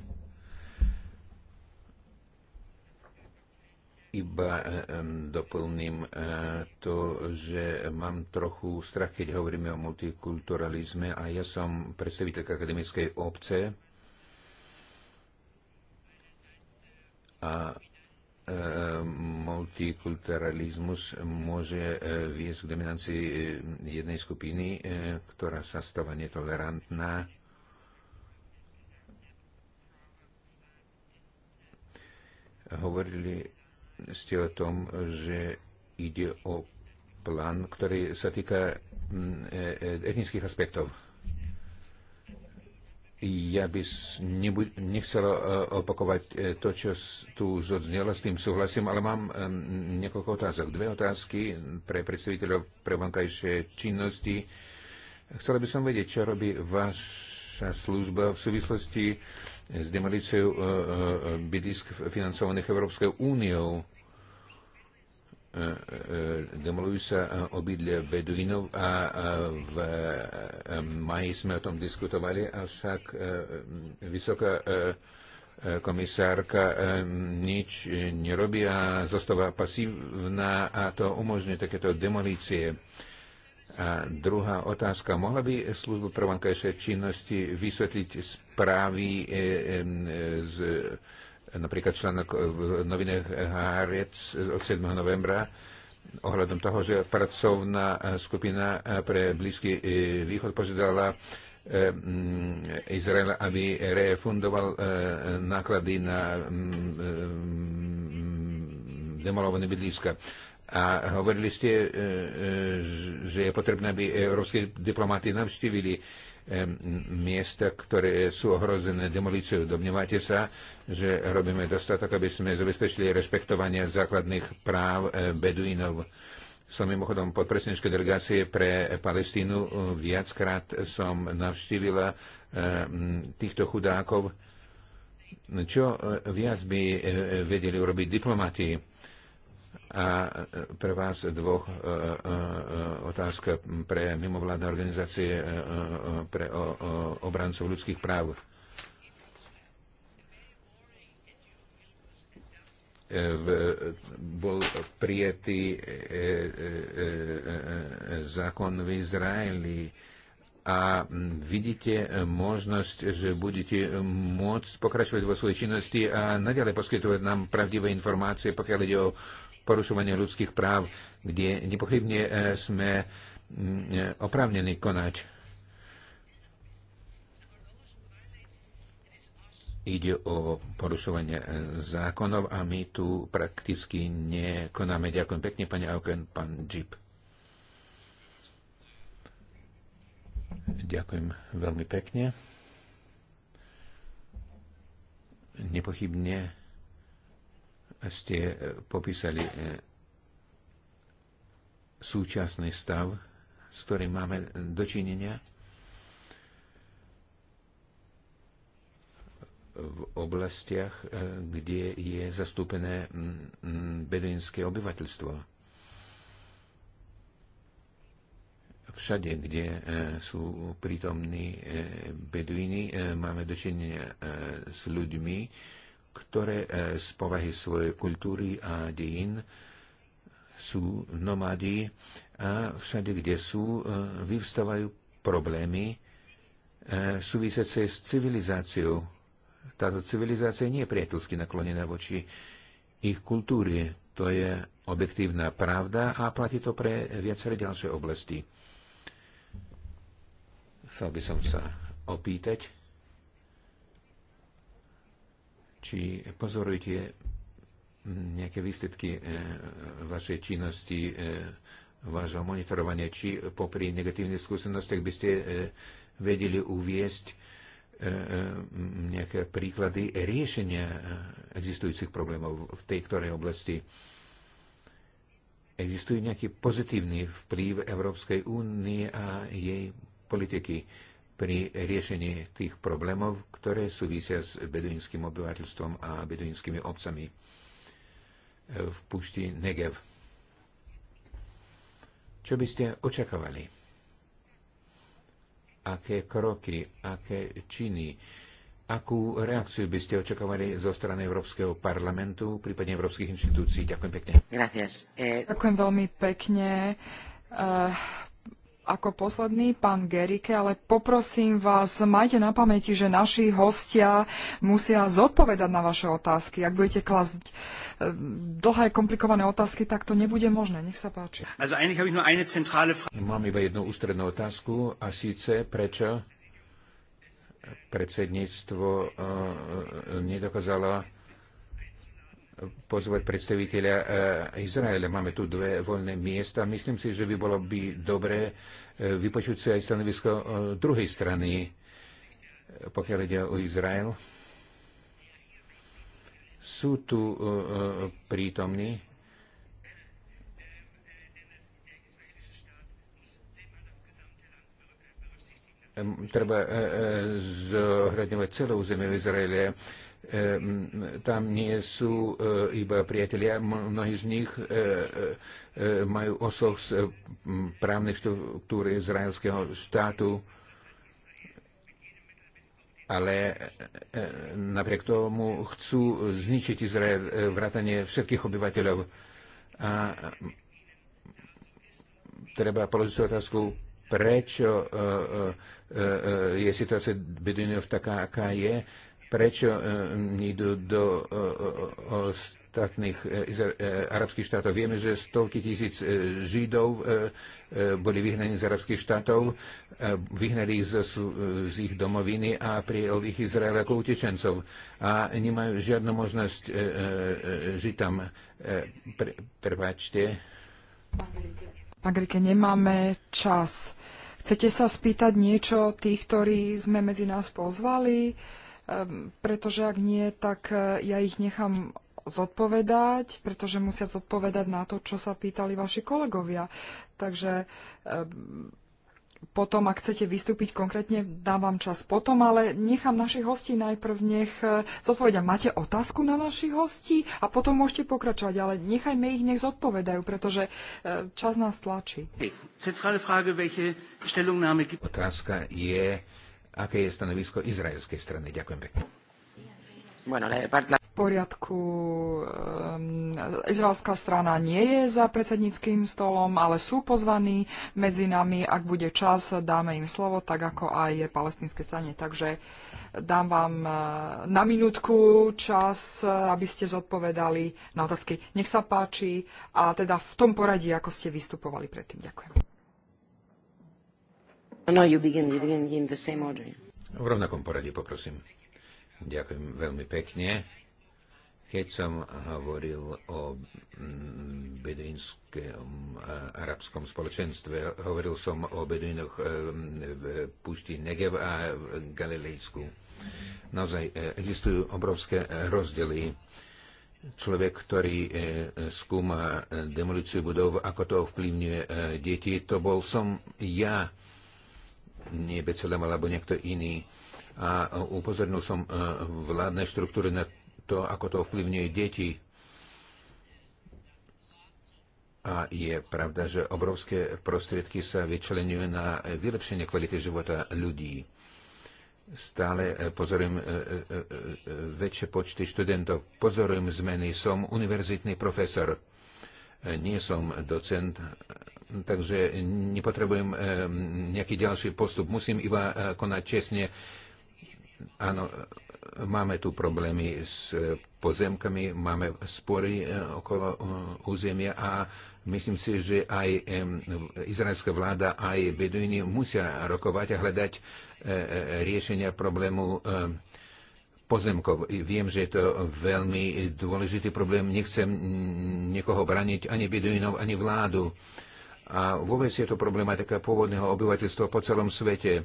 Iba eh, doplním eh, to, že mám trochu strach, keď hovoríme o multikulturalizme a ja som predstaviteľ akademickej obce a eh, multikulturalizmus môže viesť k dominancii jednej skupiny, ktorá sa stáva netolerantná hovorili ste o tom, že ide o plán, ktorý sa týka mm, e, e, etnických aspektov. Ja by nechcel e, opakovať to, čo tu zodznelo, s tým súhlasím, ale mám niekoľko otázok. Dve otázky pre predstaviteľov pre vonkajšie činnosti. Chcel by som vedieť, čo robí vaša služba v súvislosti s demolíciou e, e, bydlisk financovaných Európskej úniou. E, demolujú sa obydlie Beduinov a v maji sme o tom diskutovali, avšak vysoká komisárka nič nerobí a zostáva pasívna a to umožňuje takéto demolície. A druhá otázka. Mohla by služba pre vonkajšie činnosti vysvetliť správy e, e, e, z napríklad článok v novinách Hárec od 7. novembra ohľadom toho, že pracovná skupina pre Blízky východ požiadala Izrael, aby refundoval náklady na demolované bydliska. A hovorili ste, že je potrebné, aby európske diplomáty navštívili miesta, ktoré sú ohrozené demolíciou. Domnievate sa, že robíme dostatok, aby sme zabezpečili rešpektovanie základných práv eh, Beduínov. Som mimochodom podpredsedničke delegácie pre Palestínu. Viackrát som navštívila eh, týchto chudákov. Čo eh, viac by vedeli urobiť diplomati? A e, pre vás dvoch e, e, otázka pre mimovládne organizácie pre obrancov ľudských práv. v, bol prijetý e, e, e, zákon v Izraeli a vidíte možnosť, že budete môcť pokračovať vo svojej činnosti a nadalej poskytovať nám pravdivé informácie, pokiaľ ide o porušovanie ľudských práv, kde nepochybne e, sme mm, oprávnení konať. Ide o porušovanie e, zákonov a my tu prakticky nekonáme. Ďakujem pekne, pani Auken, pán Jeep. Ďakujem veľmi pekne. Nepochybne ste e, popísali e, súčasný stav, s ktorým máme dočinenia v oblastiach, e, kde je zastúpené beduínske obyvateľstvo. Všade, kde sú prítomní beduíny, máme dočinenia s ľuďmi, ktoré e, z povahy svojej kultúry a dejín sú nomadi a všade, kde sú, e, vyvstávajú problémy e, súvisiace s civilizáciou. Táto civilizácia nie je priateľsky naklonená voči ich kultúry. To je objektívna pravda a platí to pre viaceré ďalšie oblasti. Chcel by som sa opýtať, či pozorujete nejaké výsledky e, vašej činnosti, e, vášho monitorovania, či popri negatívnych skúsenostiach by ste e, vedeli uviesť nejaké príklady riešenia existujúcich problémov v tej ktorej oblasti. Existuje nejaký pozitívny vplyv Európskej únie a jej politiky pri riešení tých problémov, ktoré súvisia s beduínskym obyvateľstvom a beduínskymi obcami v púšti Negev. Čo by ste očakávali? Aké kroky, aké činy, akú reakciu by ste očakávali zo strany Európskeho parlamentu, prípadne európskych inštitúcií? Ďakujem pekne. Eh, Ďakujem veľmi pekne. Uh ako posledný pán Gerike, ale poprosím vás, majte na pamäti, že naši hostia musia zodpovedať na vaše otázky. Ak budete klasť e, dlhé, komplikované otázky, tak to nebude možné. Nech sa páči. Mám iba jednu ústrednú otázku a síce prečo predsedníctvo e, e, nedokázalo pozvať predstaviteľa eh, Izraela. Máme tu dve voľné miesta. Myslím si, že by bolo by dobré eh, vypočuť si aj stanovisko eh, druhej strany, pokiaľ ide o Izrael. Sú tu prítomní. Treba zohradňovať celé územie v Izraele tam nie sú e, iba priatelia, mnohí z nich e, e, majú osoch z právnej štruktúry izraelského štátu, ale napriek tomu chcú zničiť Izrael, vrátanie všetkých obyvateľov. A treba položiť otázku, prečo je situácia Bedunov taká, aká je prečo eh, idú do eh, ostatných eh, arabských štátov. Vieme, že stovky tisíc Židov boli vyhnaní z arabských štátov, vyhnali ich z, z ich domoviny a prijeli ich Izrael ako utečencov a nemajú žiadnu možnosť žiť tam. Pre, prepáčte. Pán Grike, nemáme čas. Chcete sa spýtať niečo tých, ktorí sme medzi nás pozvali? Ehm, pretože ak nie, tak e, ja ich nechám zodpovedať, pretože musia zodpovedať na to, čo sa pýtali vaši kolegovia. Takže ehm, potom, ak chcete vystúpiť konkrétne, dám vám čas potom, ale nechám našich hostí najprv nech e, zodpovedia. Máte otázku na našich hostí a potom môžete pokračovať, ale nechajme ich, nech zodpovedajú, pretože e, čas nás tlačí. Otázka je, aké je stanovisko izraelskej strany. Ďakujem pekne. V poriadku. Izraelská strana nie je za predsedníckým stolom, ale sú pozvaní medzi nami. Ak bude čas, dáme im slovo, tak ako aj palestinskej strane. Takže dám vám eh, na minútku čas, eh, aby ste zodpovedali na otázky. Nech sa páči a teda v tom poradí, ako ste vystupovali predtým. Ďakujem. No, you begin, you begin in the same order. V rovnakom poradí poprosím. Ďakujem veľmi pekne. Keď som hovoril o mm, beduínskom e, arabskom spoločenstve, hovoril som o beduínoch e, v púšti Negev a v Galilejsku. Naozaj e, existujú obrovské rozdiely. Človek, ktorý skúma demolíciu budov, ako to ovplyvňuje deti, to bol som ja nie Becelem alebo niekto iný. A upozornil som e, vládne štruktúry na to, ako to ovplyvňuje deti. A je pravda, že obrovské prostriedky sa vyčlenujú na vylepšenie kvality života ľudí. Stále e, pozorujem e, väčšie počty študentov, pozorujem zmeny, som univerzitný profesor, nie som docent, takže nepotrebujem nejaký ďalší postup. Musím iba eh, konať čestne. Áno, máme tu problémy s eh, pozemkami, máme spory eh, okolo územia a myslím si, že aj izraelská vláda, aj Beduini musia rokovať a hľadať riešenia problému pozemkov. Viem, že je to veľmi dôležitý problém. Nechcem niekoho braniť, ani Beduinov, ani vládu. A vôbec je to problematika pôvodného obyvateľstva po celom svete.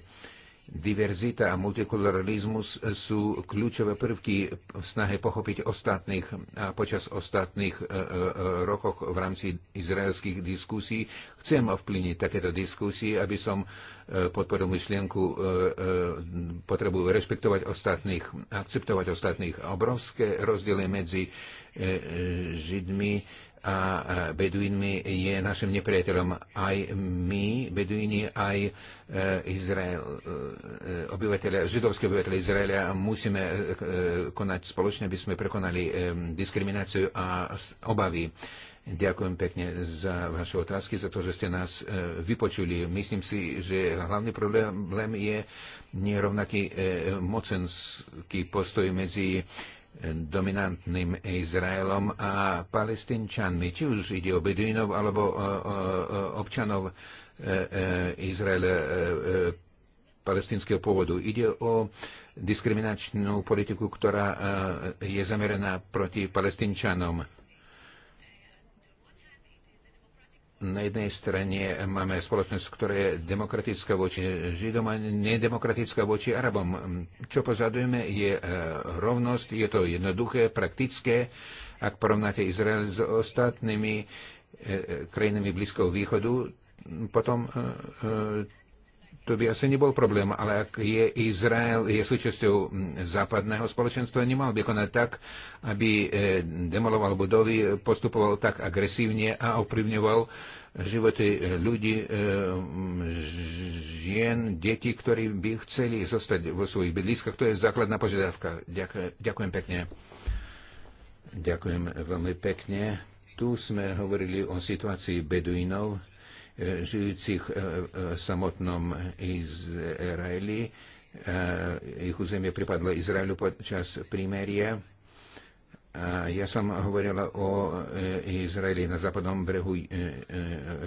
Diverzita a multikulturalizmus sú kľúčové prvky v snahe pochopiť ostatných a počas ostatných e, e, e, rokoch v rámci izraelských diskusí. Chcem ovplyniť takéto diskusie, aby som podporil myšlienku potrebu rešpektovať ostatných, akceptovať ostatných. Obrovské rozdiely medzi Židmi a Beduínmi je našim nepriateľom. Aj my, Beduíni, aj e, Izrael, e, obyvateľe, židovské obyvateľe Izraela musíme e, konať spoločne, aby sme prekonali diskrimináciu a obavy. Ďakujem pekne za vaše otázky, za to, že ste nás vypočuli. Myslím si, že hlavný problém je nerovnaký mocenský postoj medzi dominantným Izraelom a palestinčanmi, či už ide o Beduinov alebo o, e, o, e, e, občanov e, e, Izraela e, palestinského pôvodu. Ide o diskriminačnú politiku, ktorá je zameraná proti palestinčanom na jednej strane máme spoločnosť, ktorá je demokratická voči Židom a nedemokratická voči Arabom. Čo požadujeme je e, rovnosť, je to jednoduché, praktické. Ak porovnáte Izrael s ostatnými e, e, krajinami Blízkoho východu, potom to by asi nebol problém, ale ak je Izrael je súčasťou západného spoločenstva, nemal by konať tak, aby e, demoloval budovy, postupoval tak agresívne a ovplyvňoval životy e, ľudí, e, žien, detí, ktorí by chceli zostať vo svojich bydliskách. To je základná požiadavka. Ďakujem pekne. Ďakujem veľmi pekne. Tu sme hovorili o situácii Beduinov žijúcich e, e, v samotnom Izraeli. E, ich územie pripadlo Izraelu počas prímeria. Ja som hovorila o Izraeli na západnom brehu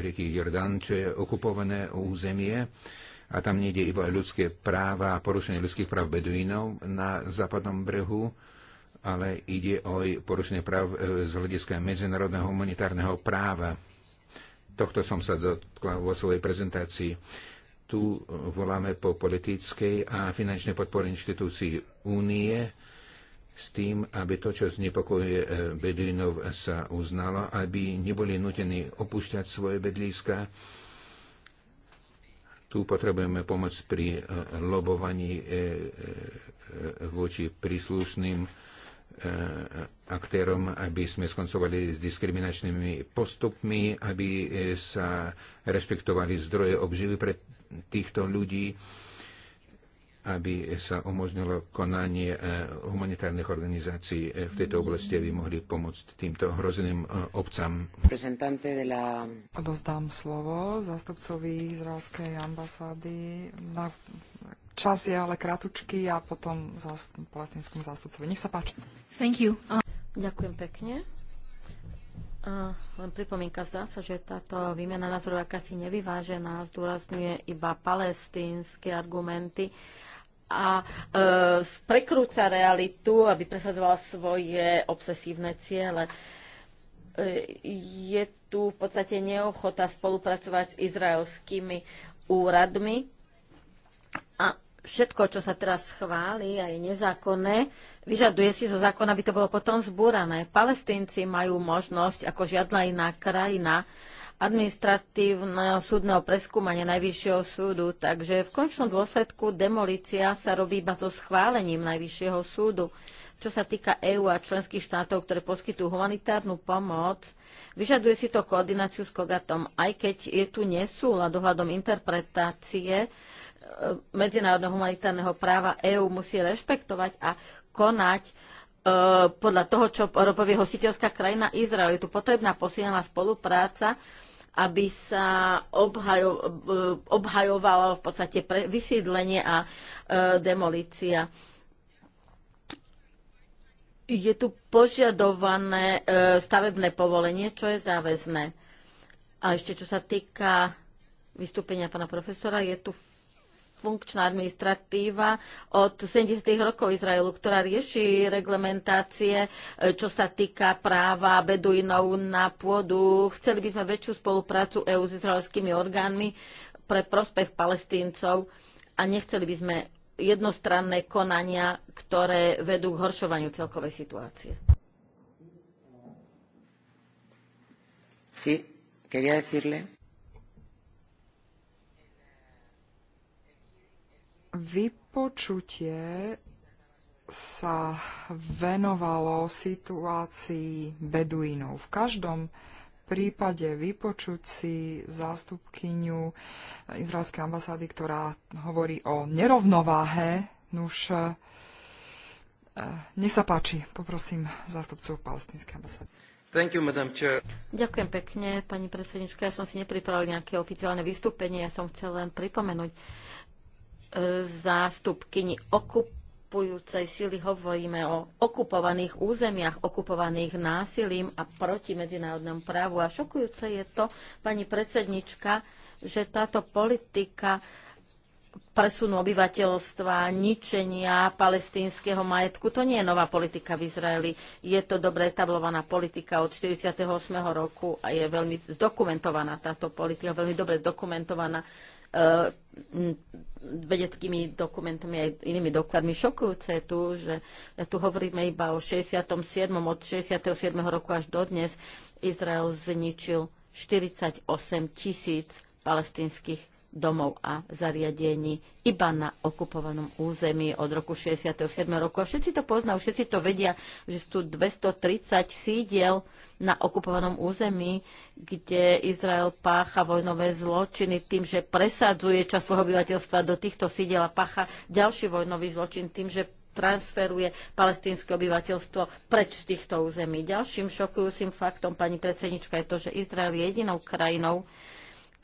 rieky Jordán, čo je okupované územie a tam nejde iba ľudské práva a porušenie ľudských práv Beduínov na západnom brehu, ale ide o porušenie práv z hľadiska medzinárodného humanitárneho práva tohto som sa dotkla vo svojej prezentácii. Tu eh, voláme po politickej a finančnej podpore inštitúcií únie s tým, aby to, čo znepokojuje eh, Beduinov, sa uznalo, aby neboli nutení opúšťať svoje bedlíska. Tu potrebujeme pomoc pri eh, lobovaní voči príslušným Eh, aktérom, aby sme skoncovali s diskriminačnými postupmi, aby eh, sa rešpektovali zdroje obživy pre týchto ľudí, aby sa umožnilo konanie eh, humanitárnych organizácií v tejto oblasti, aby mohli pomôcť týmto hrozeným obcám. Odozdám slovo zástupcovi izraelskej ambasády na Čas je ale kratučký a potom po palestinskom zástupcovi. Nech sa páči. Thank you. ďakujem pekne. A len pripomínka zdá sa, že táto výmena názorov akási nevyvážená, zdôrazňuje iba palestínske argumenty a e, prekrúca realitu, aby presadzovala svoje obsesívne ciele. E, je tu v podstate neochota spolupracovať s izraelskými úradmi a všetko, čo sa teraz schváli a je nezákonné, vyžaduje si zo zákona, aby to bolo potom zbúrané. Palestínci majú možnosť, ako žiadna iná krajina, administratívneho súdneho preskúmania Najvyššieho súdu, takže v končnom dôsledku demolícia sa robí iba so schválením Najvyššieho súdu. Čo sa týka EÚ a členských štátov, ktoré poskytujú humanitárnu pomoc, vyžaduje si to koordináciu s Kogatom, aj keď je tu nesúľa dohľadom interpretácie medzinárodného humanitárneho práva EÚ musí rešpektovať a konať e, podľa toho, čo robí hostiteľská krajina Izrael. Je tu potrebná posilnená spolupráca, aby sa obhajo, e, obhajovalo v podstate pre, vysídlenie a e, demolícia. Je tu požiadované e, stavebné povolenie, čo je záväzné. A ešte čo sa týka vystúpenia pána profesora, je tu funkčná administratíva od 70. rokov Izraelu, ktorá rieši reglementácie, e, čo sa týka práva beduinov na pôdu. Chceli by sme väčšiu spoluprácu EU s izraelskými orgánmi pre prospech palestíncov a nechceli by sme jednostranné konania, ktoré vedú k horšovaniu celkovej situácie. Sí, quería decirle. Vypočutie sa venovalo situácii Beduínov. V každom prípade vypočuť si zástupkyňu izraelskej ambasády, ktorá hovorí o nerovnováhe. Nuž, e, nech sa páči, poprosím zástupcov palestinskej ambasády. You, Ďakujem pekne, pani predsednička. Ja som si nepripravil nejaké oficiálne vystúpenie, ja som chcel len pripomenúť zástupkyni okupujúcej sily hovoríme o okupovaných územiach, okupovaných násilím a proti medzinárodnému právu. A šokujúce je to, pani predsednička, že táto politika presunu obyvateľstva, ničenia palestínskeho majetku. To nie je nová politika v Izraeli. Je to dobre etablovaná politika od 48. roku a je veľmi zdokumentovaná táto politika, veľmi dobre zdokumentovaná E, vedeckými dokumentami aj inými dokladmi. Šokujúce je tu, že tu hovoríme iba o 67. od 67. roku až dodnes Izrael zničil 48 tisíc palestinských domov a zariadení iba na okupovanom území od roku 67. roku. A všetci to poznajú, všetci to vedia, že sú 230 sídiel na okupovanom území, kde Izrael pácha vojnové zločiny tým, že presadzuje čas svojho obyvateľstva do týchto sídel a pácha ďalší vojnový zločin tým, že transferuje palestínske obyvateľstvo preč z týchto území. Ďalším šokujúcim faktom, pani predsednička, je to, že Izrael je jedinou krajinou,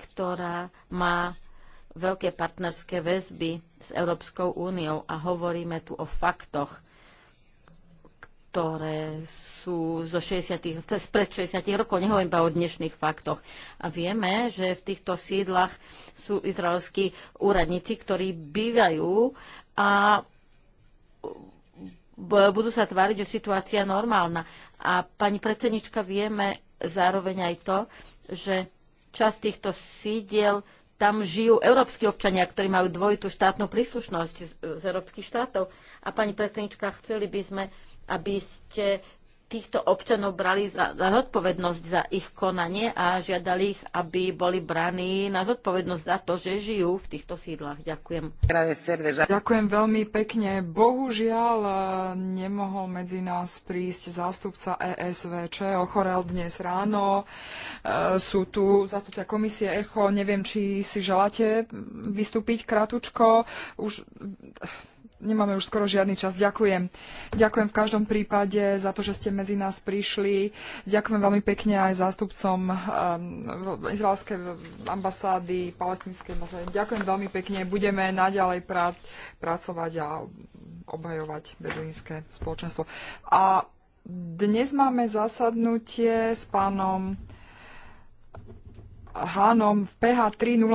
ktorá má veľké partnerské väzby s Európskou úniou a hovoríme tu o faktoch, ktoré sú zo 60, pred 60 rokov, nehovorím iba o dnešných faktoch. A vieme, že v týchto sídlach sú izraelskí úradníci, ktorí bývajú a budú sa tváriť, že situácia je normálna. A pani predsednička, vieme zároveň aj to, že časť týchto sídiel tam žijú európsky občania, ktorí majú dvojitú štátnu príslušnosť z, z európskych štátov. A pani predsednička, chceli by sme, aby ste týchto občanov brali za, za zodpovednosť za ich konanie a žiadali ich, aby boli braní na zodpovednosť za to, že žijú v týchto sídlach. Ďakujem. Ďakujem veľmi pekne. Bohužiaľ e, nemohol medzi nás prísť zástupca ESVČ, ochorel dnes ráno. E, sú tu zástupca komisie ECHO. Neviem, či si želáte vystúpiť kratučko. Už nemáme už skoro žiadny čas. Ďakujem. Ďakujem v každom prípade za to, že ste medzi nás prišli. Ďakujem veľmi pekne aj zástupcom um, izraelskej ambasády, palestinskej muzeum. Ďakujem veľmi pekne. Budeme naďalej pra- pracovať a obhajovať beduínske spoločenstvo. A dnes máme zasadnutie s pánom Hánom v PH 3.0.